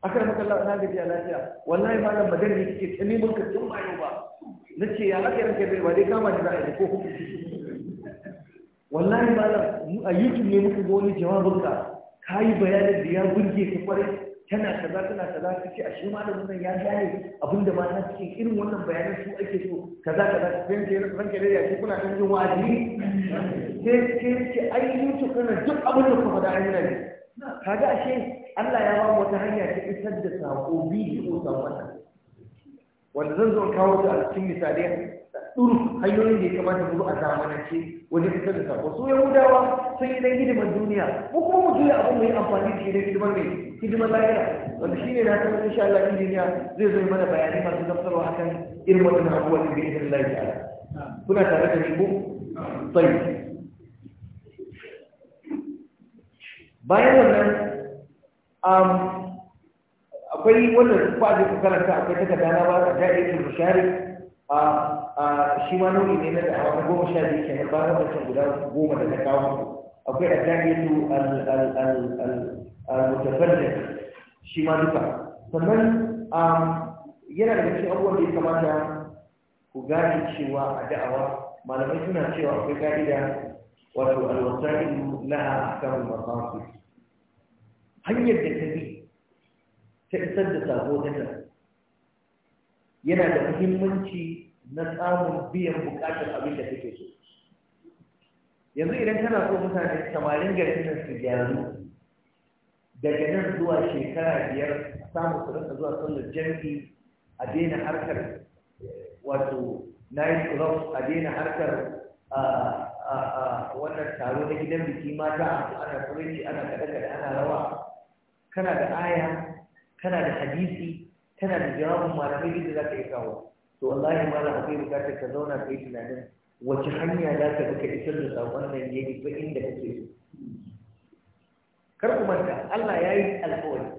akan maka Allah na gaji a lafiya wallahi malam bajar ne kike tsani mun ka tun bayo ba ce ya aka ranka bai ba dai kama ni za a yi ko wallahi malam a YouTube ne muka ga wani jawabin ka kayi bayanin da ya burge ka kwarai tana kaza tana kaza ce a shi malamin nan ya gane da ma na cikin irin wannan bayanan su ake so kaza kaza sai yanke ranka da ya kuna kan jin wa'azi sai sai ce ai YouTube kana duk abin da kuma da ai ne kaga ashe Allah ya ba mu wata hanya ta isar da sako bidiyo sabon wanda zan zo kawo ta a cikin misali duru hanyoyin da ya kamata mu a zamanance wajen fitar da sako su yahudawa sun yi dan hidimar duniya mu kuma mu juya abin mu amfani da shi dan hidimar mai hidimar lahira wanda shi ne na san insha Allah injiniya zai zo mana bayani masu gamsarwa hakan irin wannan abubuwan da ya da Allah ta'ala kuna tare da shi ko bayan wannan um, akwai wannan ba da ku karanta akwai ta na ba jari ke mushari a shi ma nau'i ne na da'awa na goma sha biyu kenan bayan wancan guda goma da na kawo akwai a su al da shi ma duka sannan um, yana da cikin abubuwan da ya kamata ku gane cewa a da'awa malamai suna cewa akwai ga'ida wato al-wasailu na ahkamul maqasid hanyar da ta bi ta isar da da ta yana da muhimmanci na samun biyan bukatar abin da take so yanzu idan kana so mutane samarin garin nan su gyaru daga nan zuwa shekara biyar samu su rasa zuwa sallar jami'i a daina harkar eh, wato night club a daina harkar ah, wannan taro na gidan biki mata ana kureci ana kaɗe-kaɗe ana rawa kana da aya kana da hadisi kana da jawabin malamai duk da za ka yi kawo to wallahi malam akwai bukatar ka zauna ka yi tunanin wace hanya za ka duka isar da saƙon nan ya yi ba inda kake so kar ku manta Allah ya yi alƙawari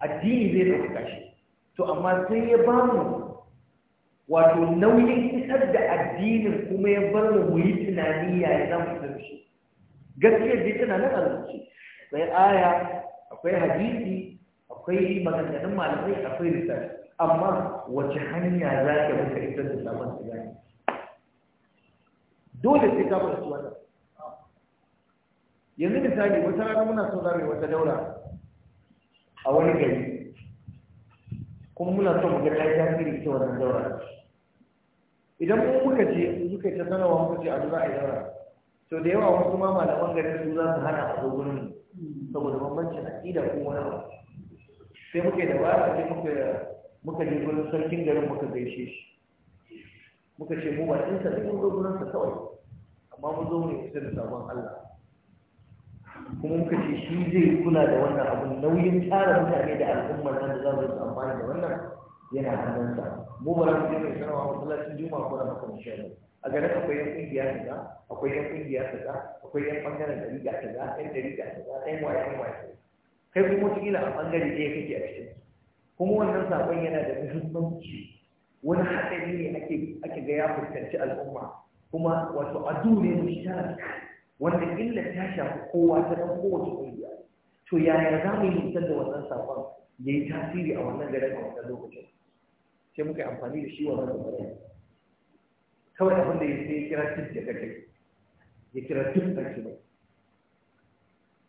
addini zai ɗauka shi to amma sai ya bamu wato nauyin isar da addinin kuma ya bar mu yi tunani ya yi zama isar shi gaskiya dai tana nan a lokaci akwai aya akwai hadisi akwai maganganun malamai akwai research amma wace hanya za ka ka isar da sabon tunani dole sai ka su wannan yanzu misali wata rana muna so zamu wata daura a wani gari kuma muna so mu ga ta tasiri ita wannan daura idan kuma muka je muka ta sanarwa muka ce a zuwa a daura to da yawa wasu ma malaman gari su za su hana a zo gurin saboda bambancin aƙida ko wani abu sai muka da ba sai muka muka je gurin sarkin garin muka gaishe shi muka ce mu ba din sa duk gurin gurin sa kawai amma mun zo mu kusa da sabon Allah kuma muka ce shi zai kula da wannan abun nauyin tsara mutane da al'ummar nan da za su amfani da wannan yana sa mu ba za mu je mai ba. masallacin juma'a ko da maka mu shaida a garin akwai yan kungiya kaza akwai yan kungiya kaza akwai yan bangaren dari ga kaza yan dari ga kaza yan waye yan waye kai kuma kila a bangare ɗaya kake a cikin kuma wannan sabon yana da muhimmanci wani haɗari ne ake ake ga ya fuskanci al'umma kuma wato mu ne tana wanda illa ta shafi kowa ta dan kowace kungiya to yaya za mu yi da wannan sabon ya yi tasiri a wannan garin a wannan lokacin sai muka yi amfani da shi wa wannan ɓarayi kawai abin da ya sai kira duk da kake ya kira duk da kake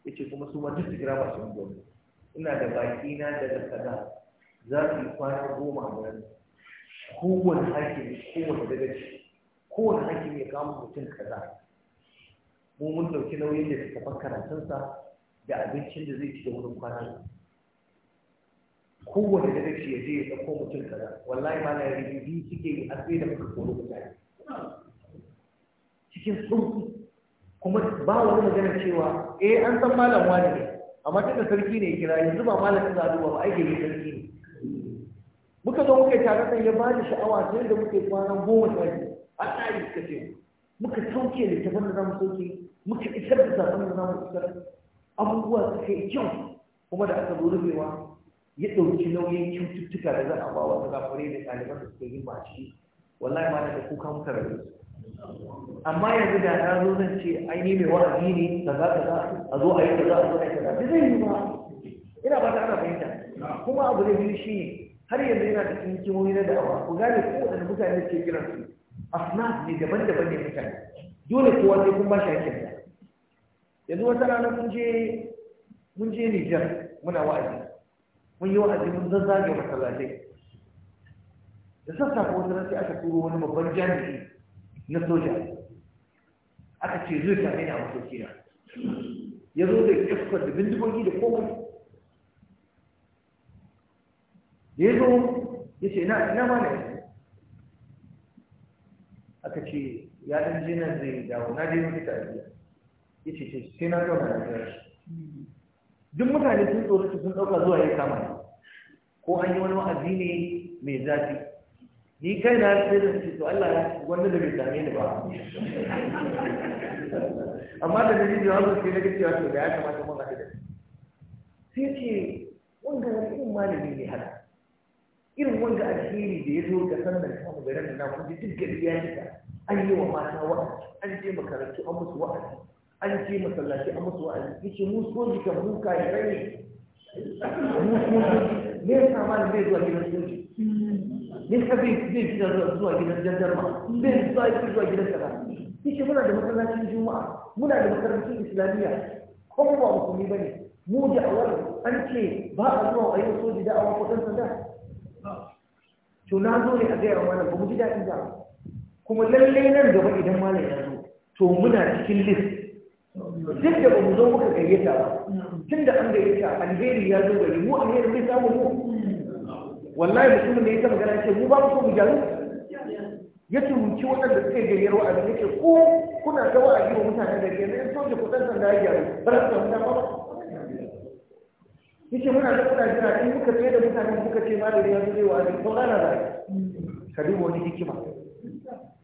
ya ce kuma su ma duk da kira su unguwanni ina da baki na da kaza za su yi kwana goma a garin kowane hakimi kowane ci kowane hakimi ya kama mutum kaza mu mun ɗauki nauyin da suka fa karatunsa da abincin da zai ci da wurin kwana kowane da zai yaje ya ɗauko mutum kaza wallahi ma na rigidi suke yi a tsaye da muka koro mutane cikin sauki kuma ba wani magana cewa eh an san malam wani ne amma tunda sarki ne kira yanzu ba malam za zaɗu ba aiki ne sarki ne muka zo muka tare sai ya bada sha'awa sai da muke kwana goma sha biyu a tsari suka ce muka sauke littafin da zamu sauke muka isar da zaɓen da zamu isar abubuwa suka yi kyau kuma da aka zo rufewa ya ɗauki nauyin cututtuka da za a ba wa da ɗaliban da suka yi ba ciki wallahi ma da kuka muka rabu amma yanzu da na zo zan ce ai ni mai wa'azi ne da za ka za a zo a yi za a zo a yi kaza zai yi ba ina ba ta ana fahimta kuma abu da biyu shi har yanzu yana da cikin kimomi na da'awa ku gane ko wani mutane ke kiran su asnaf ne daban-daban ne mutane dole kowa sai kun ba shi hakkin yanzu wata rana mun je mun je muna wa'azi mun yi wa'azi mun zazzage masallatai da sassafe wata nan sai aka turo wani babban jami'i na soja aka ce zai same ni a masauki na ya zo da iskar da bindigogi da koko ya zo ya ce na ina ma ne aka ce ya ɗan je nan zai dawo na je mutu tarbiyya ya ce sai na zauna na jira duk mutane sun tsoro sun ɗauka zuwa ya kama ko an yi wani wa'azi ne mai zafi ni kai na sai da su Allah ya wanda da bai same ni ba amma da dalilin da wannan sai daga cewa to da ya kamata mun haɗu da shi sai ce wanda wani irin malami ne haka irin wanda alheri da ya zo ga sannan samu garin da namu da duk gari ya shiga an yi wa mata wa'azi an je makarantu an musu wa'azi an je masallaci an musu wa'azi yace mu soji kan mu kai rai mu soji me ya sa malam bai zuwa gidan sunci me ya sa bai bai zuwa gidan jandarma bai zuwa zuwa gidan kaza shi ce muna da masallacin juma'a muna da makarantun islamiyya ko ba musulmi bane mu da'awar an ce ba a zuwa a yi soji da'awa ko ɗan sanda to na zo ne a gaya wa malam ba mu ji daɗin da kuma lallai nan gaba idan malam ya zo to muna cikin list duk da ba mu zo muka gayyata ba tun da an gari ka alheri ya zo gari mu alheri bai samu mu wallahi mutumin da ya ta magana ce mu ba mu so mu gyaru ya turunci waɗanda suka gayyar wa'azi ce ko kuna ta wa'azi wa mutane da ke nan soja ko ɗan sanda ya gyaru ba za su samu dama ba yace muna da kuna jira in muka tsaye da mutane muka ce malami ya zo zai wa'azi ko ana rayu ka wani hikima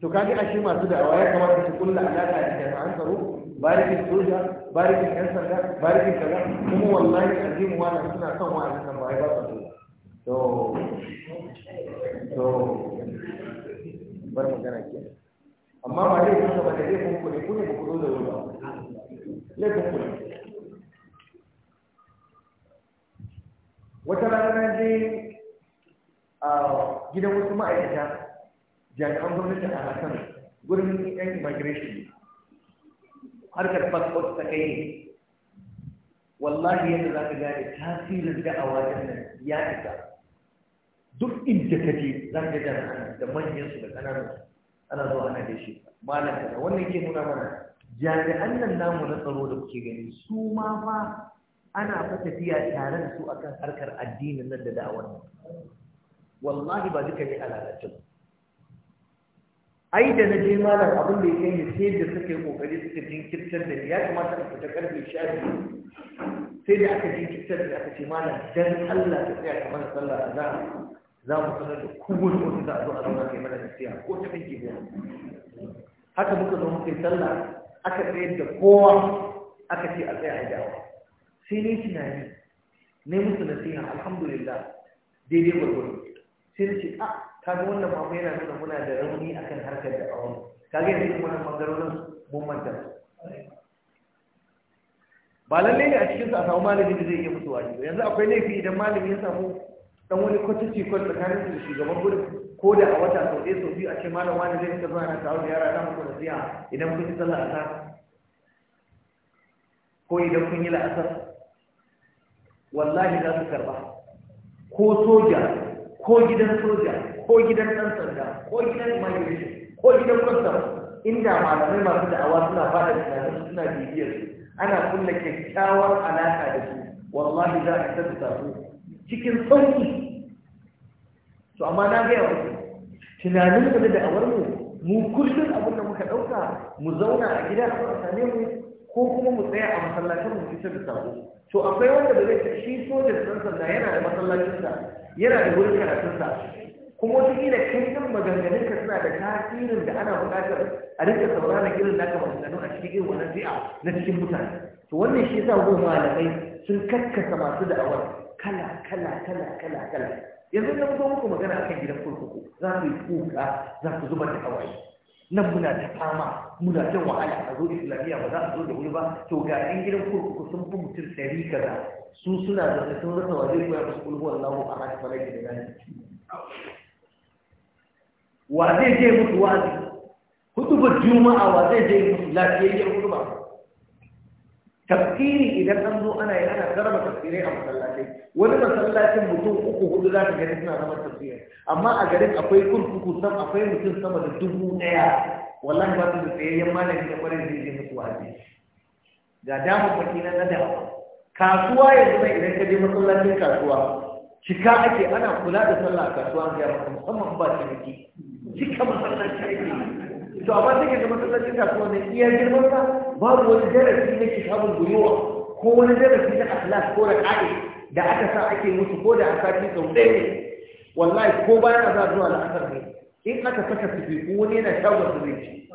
to kaji ashe masu da'awa ya kamata su kulla alaka da jami'an tsaro barikin soja barikin yan sanda barikin kaza kuma wallahi addini wala suna son wa'azin nan ba ya ba su to to bar magana ke amma ba dai kusa ba da dai kun kuɗi kuɗi ba ku zo da wuri ba laifin kuɗi wata rana na a ah, gidan wasu ma'aikata jami'an gwamnati a Hassan gurin yan immigration ne harkar passport ta kai ne wallahi yadda za ka gane tasirin da'awa din nan ya isa duk inda ka je za ka da manyan su da ƙananan ana zuwa ana da shi malam kaza wannan ke nuna mana jami'an nan namu na tsaro da kuke gani su ma fa ana fa tafiya tare da su akan harkar addinin nan da da'awar wallahi ba duka ne a lalace ba ai da na je malam abin da ya kai ni sai da suka yi kokari suka jinkirtar da ya kamata in fita karfe sha biyu sai da aka jinkirtar da aka ce malam dan Allah ta tsaya kamar sallah a za mu sanar da kowace wata za a zo a zauna kai mana nasiya ko ta kanki ko haka muka zo muka yi sallah aka tsayar da kowa aka ce a tsaya a dawo. sai ni tunani ne musu nasiha alhamdulillah daidai gwargwaro sai ce a ah, kaga wannan babu yana nuna muna da rauni akan harkar da awon kaga yanzu kuma bangarorin mun manta ba lalle ne a cikin sa a samu malami da zai iya musu wani yanzu akwai laifi idan malami ya samu dan wani kwatacci kwan tsakanin da shugaban gudun ko da a wata sau ɗaya sau biyu a ce malam wani zai rika zuwa na taro da yara zamu kuma siya idan kun yi sallah asar ko idan kun yi la'asar wallahi za su karba ko soja ko gidan soja ko gidan ɗan sanda ko gidan immigration ko gidan kwastam inda malamai masu da'awa suna fada tunanin suna bibiyar su ana kulle kyakkyawar alaƙa da su wallahi za a tabbata su cikin sauƙi to amma na gaya muku tunanin mu da da'awar mu mu kullum abin da muka ɗauka mu zauna a gida a same mu ko kuma mu tsaya a masallacin mu fitar da sabo to akwai wanda ba zai shi soja da ɗan sanda yana da masallacinsa yana da wurin karatunsa kuma wata kila kai kan maganganun ka suna da tasirin da ana buƙatar a rinka sauraron irin aka maganganu a cikin irin wannan zai'a na cikin mutane to wannan shi yasa ko malamai sun kakkasa masu da'awar kala kala kala kala kala yanzu na zo muku magana kan gidan kurkuku za ku yi kuka za ku zubar da hawaye nan muna ta fama muna ta wahala a zo islamiyya ba za a zo da wuri ba to ga ɗan gidan kurkuku sun fi mutum ɗari kaza su suna da sun rasa wa zai koya musu kulhu wallahu a haka farai da gani wa zai je musu wazi hutubar juma'a wa zai je musu lafiyayyen hutuba tafsiri idan an zo ana yi ana karba tafsirai a masallatai wani masallacin mutum uku hudu za ka gani suna zama tafsirai amma a garin akwai kurkuku sam akwai mutum sama da dubu ɗaya wallahi ba su da tsayayyen malami da kwarin zai je musu wazi ga damar baki na nadawa kasuwa ya zama idan ka je masallacin kasuwa cika ake ana kula da sallah a kasuwa an gaya maka musamman ba yake cika masallacin ake to amma take da masallacin kasuwa ne iya girman ka babu wani darasi na kitabul buyuwa ko wani darasi na akhlaq ko ra'ayi da aka sa ake musu ko da a sati sau ɗaya ne wallahi ko bayan azar zuwa la'asar ne in aka saka fifiku wani yana shagon su zai ci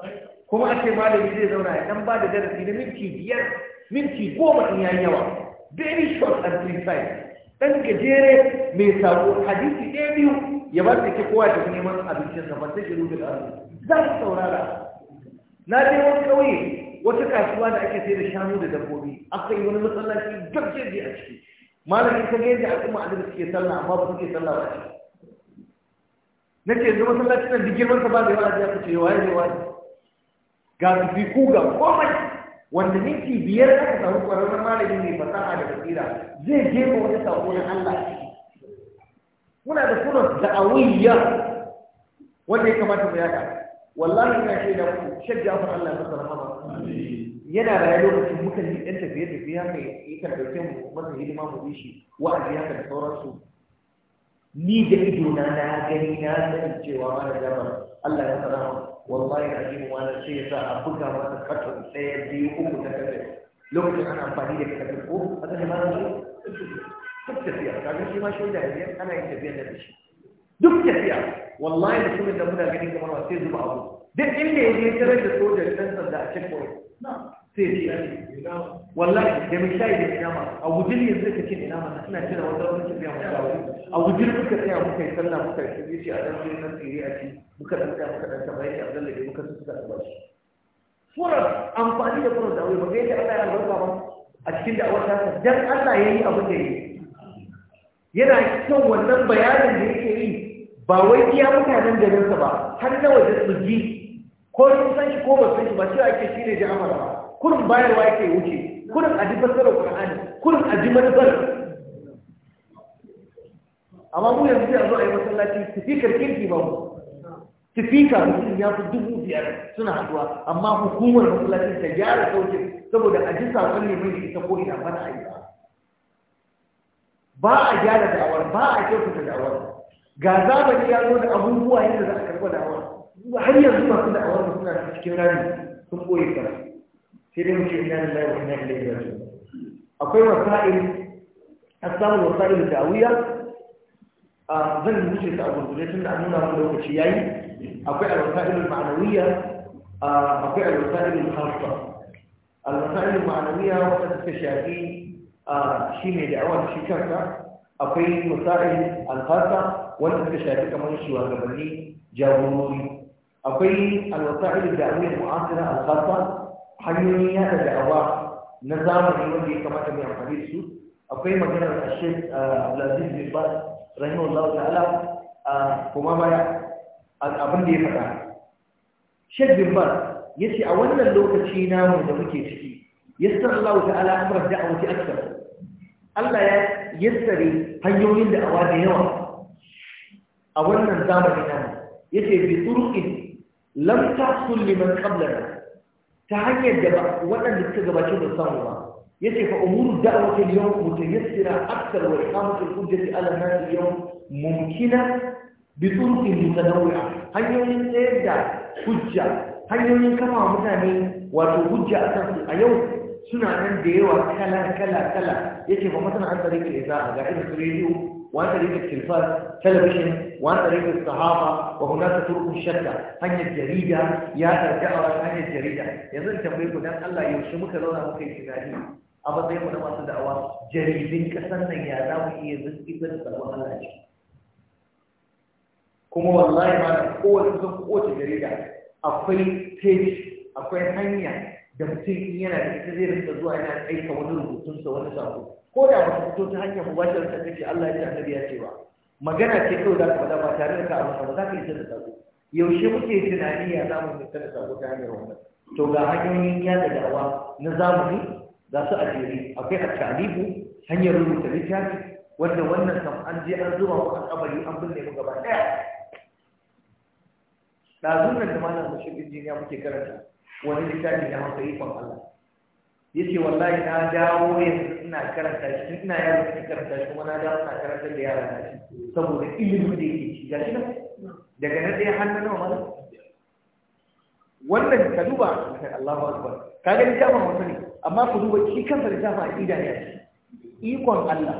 kuma ake malami zai zauna ya ɗan ba da darasi na minti biyar minti goma in yayi yawa very short and precise dan gajere mai sabu hadisi ɗaya biyu ya ba su ke kowa da neman abincin sa ba sai shi rubuta za su saurara na je wani kauye wata kasuwa da ake sai da shanu da dabbobi Akwai wani masallaci biyu a ciki malamin ka gaji a kuma da suke sallah amma ba suke sallah ba ce nake yanzu masallacin nan digirman ka ba da yawa a jiya ku ce yawa yawa ga su fi kuga komai wanda minti biyar aka samu ƙwararren malami mai fasaha da basira zai jefa wani sako na Allah muna da sunan da'awiyya wanda ya kamata mu yaka wallahi ina shaida ku shajja ku Allah masa rahama yana raye lokacin mukan yi ɗan tafiye tafiye haka ya karɓe mu masa hidima mu bi shi wa'azi haka da sauransu ni da ido na na gani na sani cewa mana jama'a Allah ya tsara wallahi azimu wani sai ya sa a buga masa katon ɗaya biyu uku ta kafe lokacin ana amfani da kafe ko a zai ma zai duk tafiya kafin shi ma shi da yanzu ana yin tafiyar da shi duk tafiya wallahi mutumin da muna gani kamar wa sai zuba abu duk inda ya je tarar da sojan ɗan sanda a cikin sai ce wallahi da mai shayi da inama a gujin yanzu ka ce inama ina tana wata wani tafiya mai dawo a gujin muka tsaya muka yi sallah muka yi shi a dan sai nan tsiri a ci muka dan tsaya muka dan tabayi a dan da muka suka da bashi furar amfani da furar da wai ba yadda Allah ya albarka ba a cikin da awar tasa dan Allah yayi abin da yi. yana kyau wannan bayanin da yake yi ba wai iya mutanen da garinsa ba har da wajen su ji ko sun san shi ko ba san shi ba cewa ake shi ne jama'a ba kurin bayarwa yake wuce kurin a ji fassarar Qur'ani kurin a ji manufar amma mu yanzu ya zo a yi masallaci tafikar kirki ba mu tafika mutum ya fi dubu biyar suna haduwa amma hukumar masallaci ta gyara saukin saboda a ji sakon ne mai ita ko ina mana aiki ba ba a gyara da'awar ba a kyautata da'awar ga zamani ya zo da abubuwa yadda za a karɓa da'awar har yanzu masu da'awar suna cikin rami sun ɓoye karatu firinci nan lai wannan laifin akwai wasa'il asamu wasa'il da wuya a zan wuce ta a gurgure tun da an nuna mun lokaci yayi akwai alwasa'il ma'anawiyya akwai alwasa'il harfa alwasa'il ma'anawiyya wata ta shafi shi da da'awa shi kanka akwai wasa'il alfasa wanda ta shafi kamar shi wa shugabanni jagorori akwai alwasa'il da'awiyya mu'asira alfasa hanyoyin yada awa na zamani wanda ya kamata mai amfani da su akwai maganar ashir uh, lazim bin bas rahimahullahu ta'ala a uh, kuma baya abin da ya faɗa shek bin bas ya ce a wannan lokaci namu da muke ciki ya yassar Allah ta'ala amrar da'awati akthar Allah ya yassare hanyoyin da awa da yawa a wannan zamani zamanin ya ce bi turuqin lam tahsul liman qablana ta hanyar da waɗanda suka gabace da samu ba yace fa umuru da'wati al-yawm mutayassira akthar wa iqamatu al-hujjati ala an-nas al-yawm mumkina bi turuqin mutanawwi'a hanyoyin tsayar da hujja hanyoyin kama mutane wato hujja akan su a yau suna nan da yawa kala kala kala ce fa masana an tsare ke za a ga irin su rediyo وعن طريق التلفاز تلفزيون وعن طريق الصحافة وهناك طرق شتى هني الجريدة يا ترجع هني الجريدة يظل تمرير قدام الله يرشمك لولا ممكن تنادي أبا زي ما نمت دعوة جريدين كسرنا يا ناوي يزد إبن سوى الله كما والله ما قوة قوة جريدة أقوي تيج أقوي هنيا da mutum yana da ita zai rinka zuwa yana aika wani sa wani sako ko da ba fito ta hanyar mubashar ta kace Allah ya ce ya ce ba magana ce kawai za ka faɗa ba tare da ka amsa ba za ka isa da sako yaushe muke tunani ya zamu fita da sako ta hanyar wannan to ga hanyoyin yada da'awa na zamani za su a jere akwai a talibu hanyar rubuta littafi wanda wannan kam an je an zuba mu al'amari an binne mu gaba ɗaya ɗazun nan da malam bashir injiniya muke karanta wani littafi na hausa ikon Allah ya ce wallahi na dawo yanzu ina karanta shi ina yaro ina karanta shi kuma na dawo ina karanta da yara na shi saboda ilimin da yake ci gashi nan daga na ɗaya hannu nawa mana wannan ka duba kai Allahu akbar ka ga littafin hausa ne amma ku duba shi kansa littafin aqida ne ikon Allah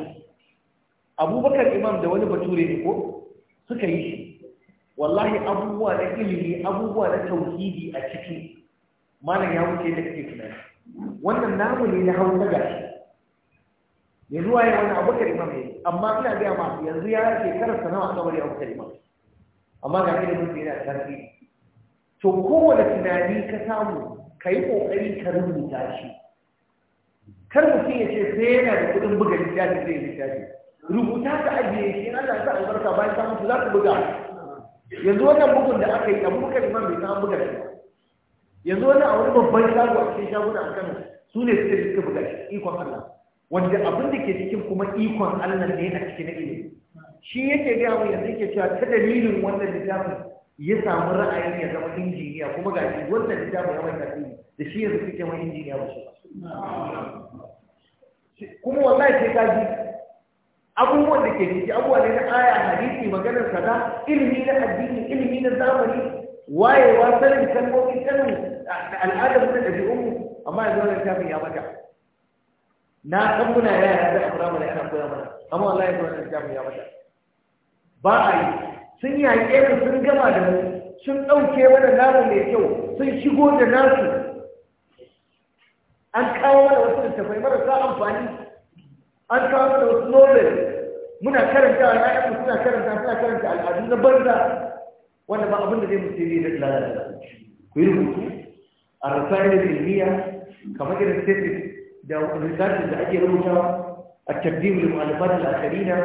Abubakar Imam da wani bature ne ko suka yi shi wallahi abubuwa na ilimi abubuwa na tauhidi a ciki malam ya wuce da ke tunani wannan namu ne na hausa gashi ya zuwa yi wani abubakar imam ne amma ina gaya ma yanzu ya shekarar sanawa a ya abubakar imam amma ga ilimin da yana karfi to kowane tunani ka samu ka yi ƙoƙari ka rubuta shi kar mutum ya ce sai yana da kuɗin buga littafi zai littafi rubuta ka ajiye shi yana da sa albarka bayan samun su za ka buga yanzu wannan bugun da aka yi abubakar imam bai san buga shi ba yanzu wani a wani babban shago a cikin shaguna a kano su ne suke suka buga ikon Allah wanda abin da ke cikin kuma ikon Allah ne a cikin ilimi shi yake gaya mu yanzu yake cewa ta dalilin wannan littafin ya samu ra'ayin ya zama injiniya kuma ga shi wannan littafin ya mai tasiri da shi yanzu kike mai injiniya ba shi kuma wallahi sai ka ji abubuwan da ke ciki abubuwa ne na aya hadisi maganar sada ilimi na addini ilimi na zamani Waye wa sanin kalmomin sanin al'adar mu da ɗabi'unmu amma yanzu wannan kafin ya mata na san muna yaya da abu mana yana koya mana amma wallahi ya zuwa kafin ya mata ba a yi sun yaƙe mu sun gama da mu sun ɗauke mana namu mai kyau sun shigo da nasu an kawo mana wasu littafai marasa amfani an kawo mana wasu nobel muna karanta a ƴaƴanmu suna karanta suna karanta al'adu na banza wanda ba abin da zai mutu yi da lalata ku yi rubutu a rasayar ilmiya kamar irin statement da research da ake rubuta, a tabdim da mu'alifat al-akharina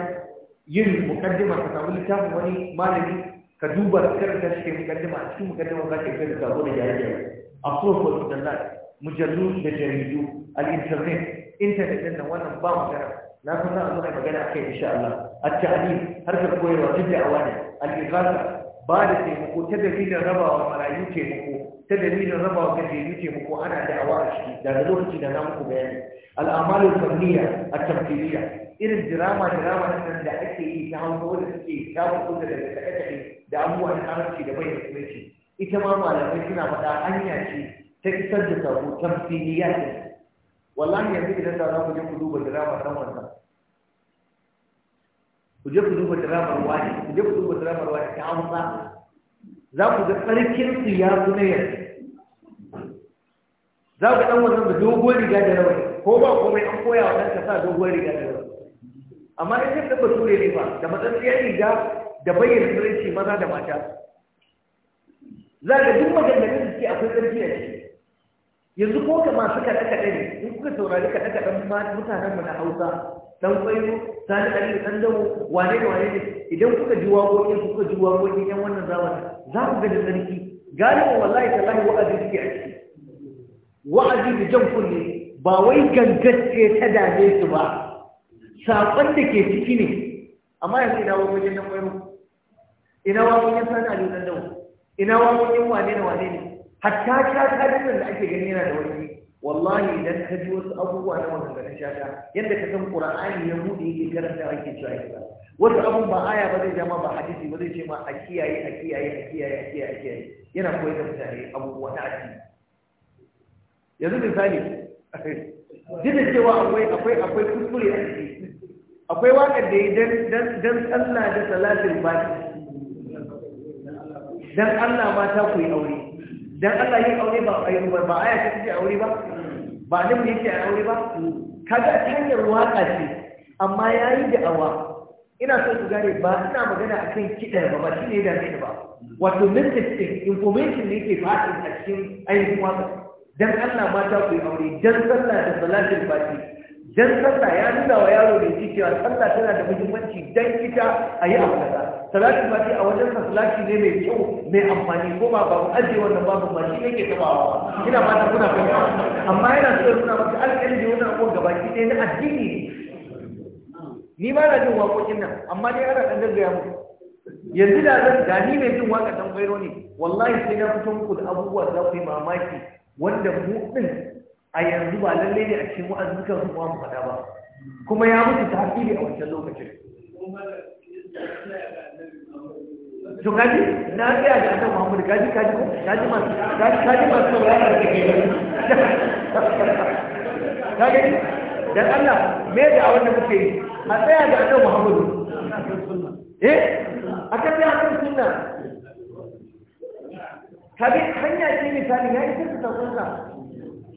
yin mukaddima ka samu littafin wani malami ka duba karanta shi mukaddima a cikin mukaddima ka ke kai sabo da jariya a profile da nan mujallu da jaridu al-internet internet din nan wannan ba magana na san za a zo magana akai insha Allah at-ta'lim har ka koyarwa duk da awani al-ighatha ba da taimako ta dalilin rabawa marayu taimako ta dalilin rabawa gajeru taimako ana da awa a ciki daga lokaci da na muku bayani al'amalin kamniya a tamfiliya irin dirama dirama nan da ake yi ta hango da suke samun kusa daga kaɗe-kaɗe da abubuwan haramci da bai musulunci ita ma malamai suna faɗa hanya ce ta isar da sabo tamfiliya ce wallahi yanzu idan da za ku je ku duba dirama kan wannan ku je ku duba tiramar wani ku je ku duba tiramar wani ta hausa za ku ga tsarkin su ya fi na yanzu za ku ɗan wannan da dogon riga da rawani ko ba komai an koya wa ɗan kasa dogon riga da rawani amma in ka taɓa ture ne ba da matsatsiyar riga da bayyana turanci maza da mata za ka duk maganganun da suke akwai tsarki a ciki yanzu ko ka masu kaɗe-kaɗe ne in kuka saurari kaɗe-kaɗen mutanen mu na hausa dan kwayo sani ali dan dawo wane da wane ne idan kuka ji waƙoƙin kuka ji waƙoƙin yan wannan zamani za ku ga da sarki galiba wallahi tallahi wa'azi suke a ciki wa'azi da jan kunne ba wai gangace ta dame su ba saƙon da ke ciki ne amma yanzu ina waƙoƙin dan kwayo ina waƙoƙin sani ali dan dawo ina waƙoƙin wane da wane ne hatta ta ta da ake gani yana da wani wallahi idan ka ji wasu abubuwa na maganganun ta yadda ka san qur'ani ya bude yake karanta ake cewa ai wasu abun ba aya ba zai ja ma ba hadisi ba zai ce ma a kiyaye a kiyaye a kiyaye a kiyaye a kiyaye yana koyar da mutane abubuwa na addini yanzu misali duk da cewa akwai akwai akwai kuskure a ciki akwai wakar da yi dan dan sallah da salatin ba dan Allah mata ku yi aure dan Allah yi aure ba a yi ba aya ta ce aure ba ba nan ne yake aure ba kaga ta hanyar waka ce amma yayi da awa ina so ku gane ba ina magana akan kiɗa ba ba shine da ne ba wato message information ne ke fadin a cikin ainihin waka dan Allah mata ku yi aure dan sallah da salatin fati dan sallah ya nuna wa yaro da yake cewa sallah tana da muhimmanci dan ita a yi abu ba fati a wajen sa salati ne mai kyau mai amfani ko ba ba aje wannan babu ba shi yake tabawa ina ba ta kuna kai amma yana so ba. ta alƙalin da wannan gaba gabaki dai na addini ni ba na jin waƙoƙin nan amma dai ana ɗan daga yamu. yanzu da zan da ni mai jin waƙa dan bairo ne wallahi sai na fito muku da abubuwa za ku yi mamaki wanda mu din a yanzu ba lalle ne a cikin wa'azukan kan mu faɗa ba kuma ya mutu ne a wancan lokacin to kaji na tsaya da annabi Muhammad kaji kaji ko kaji masu kaji kaji masu saurara da kai *laughs* kaji dan Allah me da a wannan muke a tsaya da annabi Muhammad eh akan ya kan sunna kaji hanya ce misali ya yi ta sunna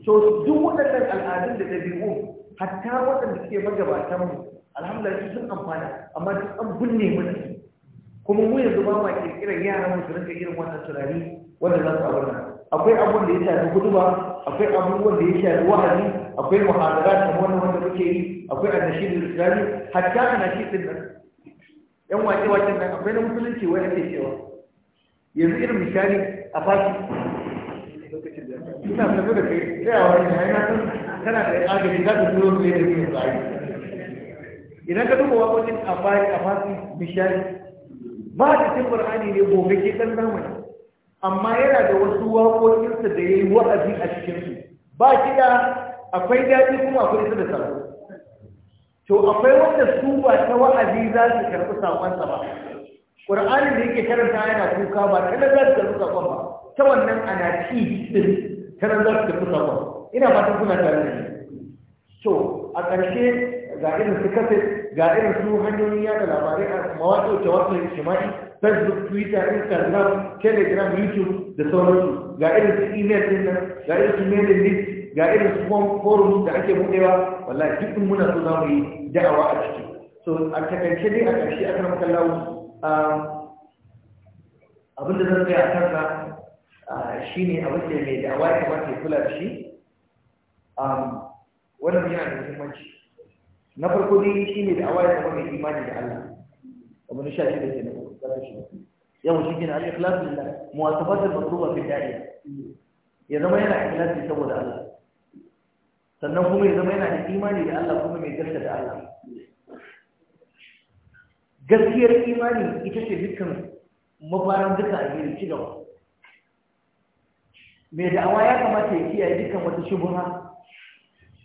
to duk waɗannan al'adun da ɗabi'u hatta waɗanda suke magabatan mu alhamdulillah sun amfana amma duk an binne mana kuma mu yanzu ba ma kirkirar yaran mu su rinka irin wannan tunani wanda za su abarna akwai abun da ya shafi guduba akwai abubuwan da ya shafi wahazi akwai muhadara da wani wanda muke yi akwai da islami hatta kana shi din nan yan wace-wacen nan akwai na musulunci wai ke cewa yanzu irin misali a fashi ina tafi da kai yawa ne na san kana da agaji za ta turo mai da ke tsaye idan ka duba wakokin a baya a fasin mishari ba da cin qur'ani ne gobe ke dan zamani amma yana da wasu waƙoƙinsa da ya yi wa'azi a cikinsu ba kiɗa akwai daɗi kuma akwai isa da sabo to akwai wanda su ba ta wa'azi za su karɓi saƙonsa ba ƙur'anin da yake karanta yana kuka ba kada za su karɓi saƙon ba ta wannan ana ci din ta za su tafi sakon ina fatan kuna tare da ni so a ƙarshe ga irin su kafe, ga irin su hanyoyin yada labarai a mawaƙi ta wasu shima'i facebook twitter instagram telegram youtube da sauransu ga irin su email din nan ga irin su mailing list ga irin su forum da ake buɗewa wallahi duk muna so za mu yi da'awa a ciki so a takaice dai a ƙarshe a kan kallawo um, abinda zan tsaya a kansa Ah, shi ne abin da mai da ya kamata ya kula da shi um, wannan yana da muhimmanci na farko dai shi ne da awa ya mai imani da Allah kamar sha shi da ke na ƙasar shi yawon shi gina al'ikhlas da masu matluba fi da'iya ya zama yana ikhlasi saboda Allah sannan kuma ya zama yana da imani da Allah kuma mai gaskata da Allah gaskiyar imani ita ce dukkan mafaran duka a gari ci gaba mai da'awa ya kamata ya kiyaye dukkan wata shubuha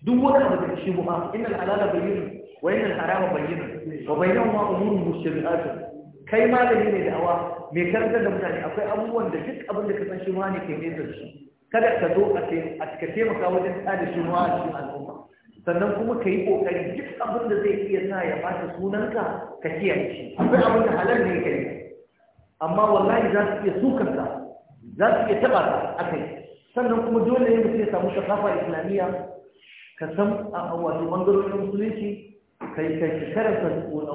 duk wata daga shubuha inna alala bayyana, bayyinun wa inna bayyana. Ba bayyinun ma umurin umurun mushtabihatun kai malami ne da'awa mai karantar da mutane akwai abubuwan da duk abin da ka san shubuha ne ke nesa da shi kada ka zo a ce a ka taimaka wajen tsada shubuha a cikin al'umma sannan kuma ka yi kokari duk abin da zai iya sa ya bata sunanka ka kiyaye shi akwai abin da halal ne kai amma wallahi za su iya sukanka za su iya taɓa a kai sannan kuma dole ne mutum ya samu shakafa islamiyya ka san a wato ɓangarorin musulunci kai kai karanta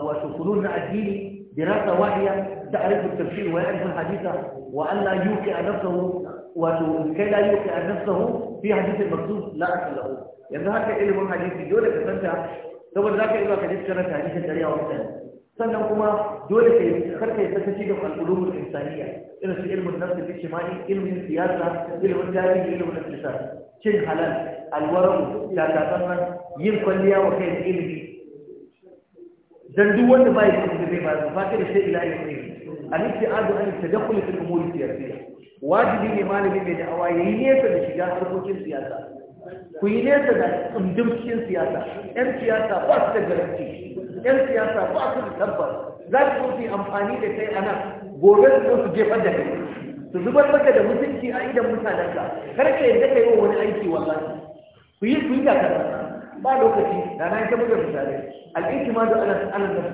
wato kunun na addini dirasa wahiya da arifin tafsir wa arifin hadisa wa Allah yuki a nafsahu wato kai la yuki a nafsahu fi hadisin maktub la asalahu yanzu haka ilimin hadisi dole ka san ta saboda zaka iya ka dinka karanta hadisin dariya wa mutane sannan kuma dole ka yi karka yi sakaci da al'ulumul insaniya irin su ilmin da ijtimai ilmin siyasa ilmin tarihi ilmin iktisad cin halal alwaru takatsantsan yin kwalliya wa kai ilimi dan duk wanda bai da zai ba ba ka da sai ila ilimi al-ibtida'u an tadakhul fi al-umur siyasiyya wajibi ne malami mai da'awa yayi nesa da shiga harkokin siyasa ku yi nesa da tsundum cikin siyasa 'yan siyasa ba su da garanti yan siyasa ba su da tabbas za su yi amfani da kai a nan gobe su zo su jefar da kai su zubar maka da mutunci a idan mutanenka kar ka yadda yi wa wani aiki wallahi ku yi ku yi ba lokaci da na ta buga misali al'aiki ma da alas alas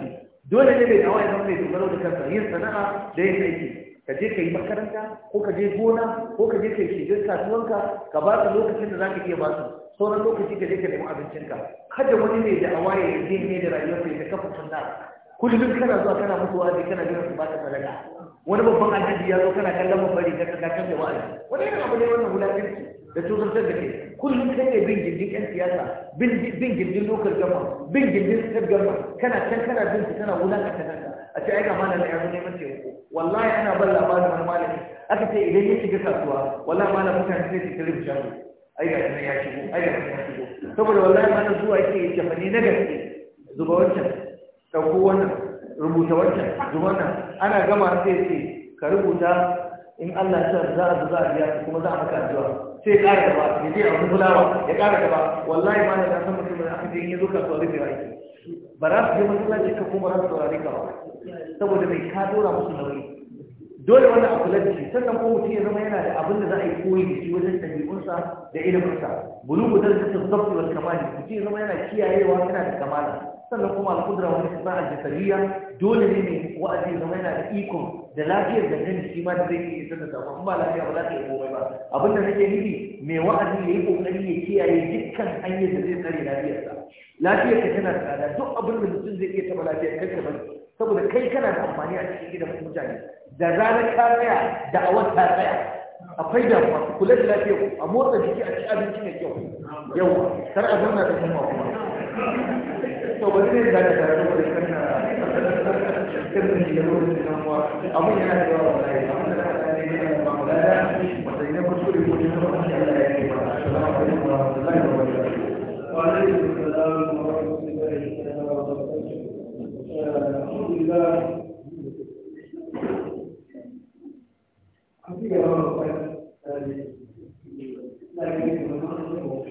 dole ne mai dawa ya zama mai dogaro da kansa yin sana'a da yin aiki ka je ka yi makaranta ko ka je gona ko ka je ka yi shigar kasuwanka ka ba su lokacin da za ka iya ba su sauran lokaci ka je ka nemi abincinka kada wani ne da awaye ya je ne da rayuwarsa ya kafa sunna kullum kana zuwa kana musu wa'azi kana jira su baka sadaka wani babban alhaji ya zo kana kallon mafari ka ka kan da wa'azi wani irin abu ne wannan wulakanci da cutar da ke kullum kai ne bin gindin yan siyasa bin gindin lokar gama bin gindin state gama kana can kana bin su kana wulakanta kanka a ce aika malam ya zo neman taimako wallahi ana ban labarin wani malami aka ce idan ya shiga kasuwa wallahi malam mutane sai su tarbi jami'a ai ga ya shigo ai ga ya shigo saboda wallahi mana zuwa yake yake fani na gaske zuba wancan dauko wannan rubuta wancan zuba wannan ana gama sai ce ka rubuta in Allah ya sa za a za a biya kuma za a maka addu'a sai ƙara gaba ya je a wani fulawa ya ƙara gaba wallahi ma da san mutum da aka je in ya zo kasuwa zai biya aiki ba za su je masallaci ka kuma za su ka ba saboda mai ka dora musu nauyi dole wannan a kula da shi sannan ko mutum ya zama yana da abin da za a yi koyi da shi wajen ɗabi'unsa da iliminsa bulugu da zai tafi zafi wa kamali mutum ya zama yana kiyayewa yana da kamala sannan kuma al'udura wani kasa a dole ne mai wa'azi ya zama yana da ikon da lafiyar da zan shi ma da zai iya isa da samu ba lafiya ba za ta yi komai ba abin da nake nufi mai wa'azi ya yi kokari ya kiyaye dukkan hanyar da zai tsare lafiyarsa lafiyar ka tana tsada duk abin da mutum zai iya taɓa lafiyar kai kamar saboda kai kana da amfani a cikin gidan mutane da ranar ka tsaya da awar ta tsaya akwai da kula da lafiya a motsa jiki a ci abinci mai kyau yau kar a zauna da kuma kuma to ba zai da da da da kanna kan da yau da nan wa abun yana da yawa wallahi amma da Allah ne ya ba mu da wanda ne kuskure ko ne ba Allah ya yi ba assalamu alaikum wa rahmatullahi wa barakatuh wa alaikum assalam wa rahmatullahi wa barakatuh alhamdulillah Thank you.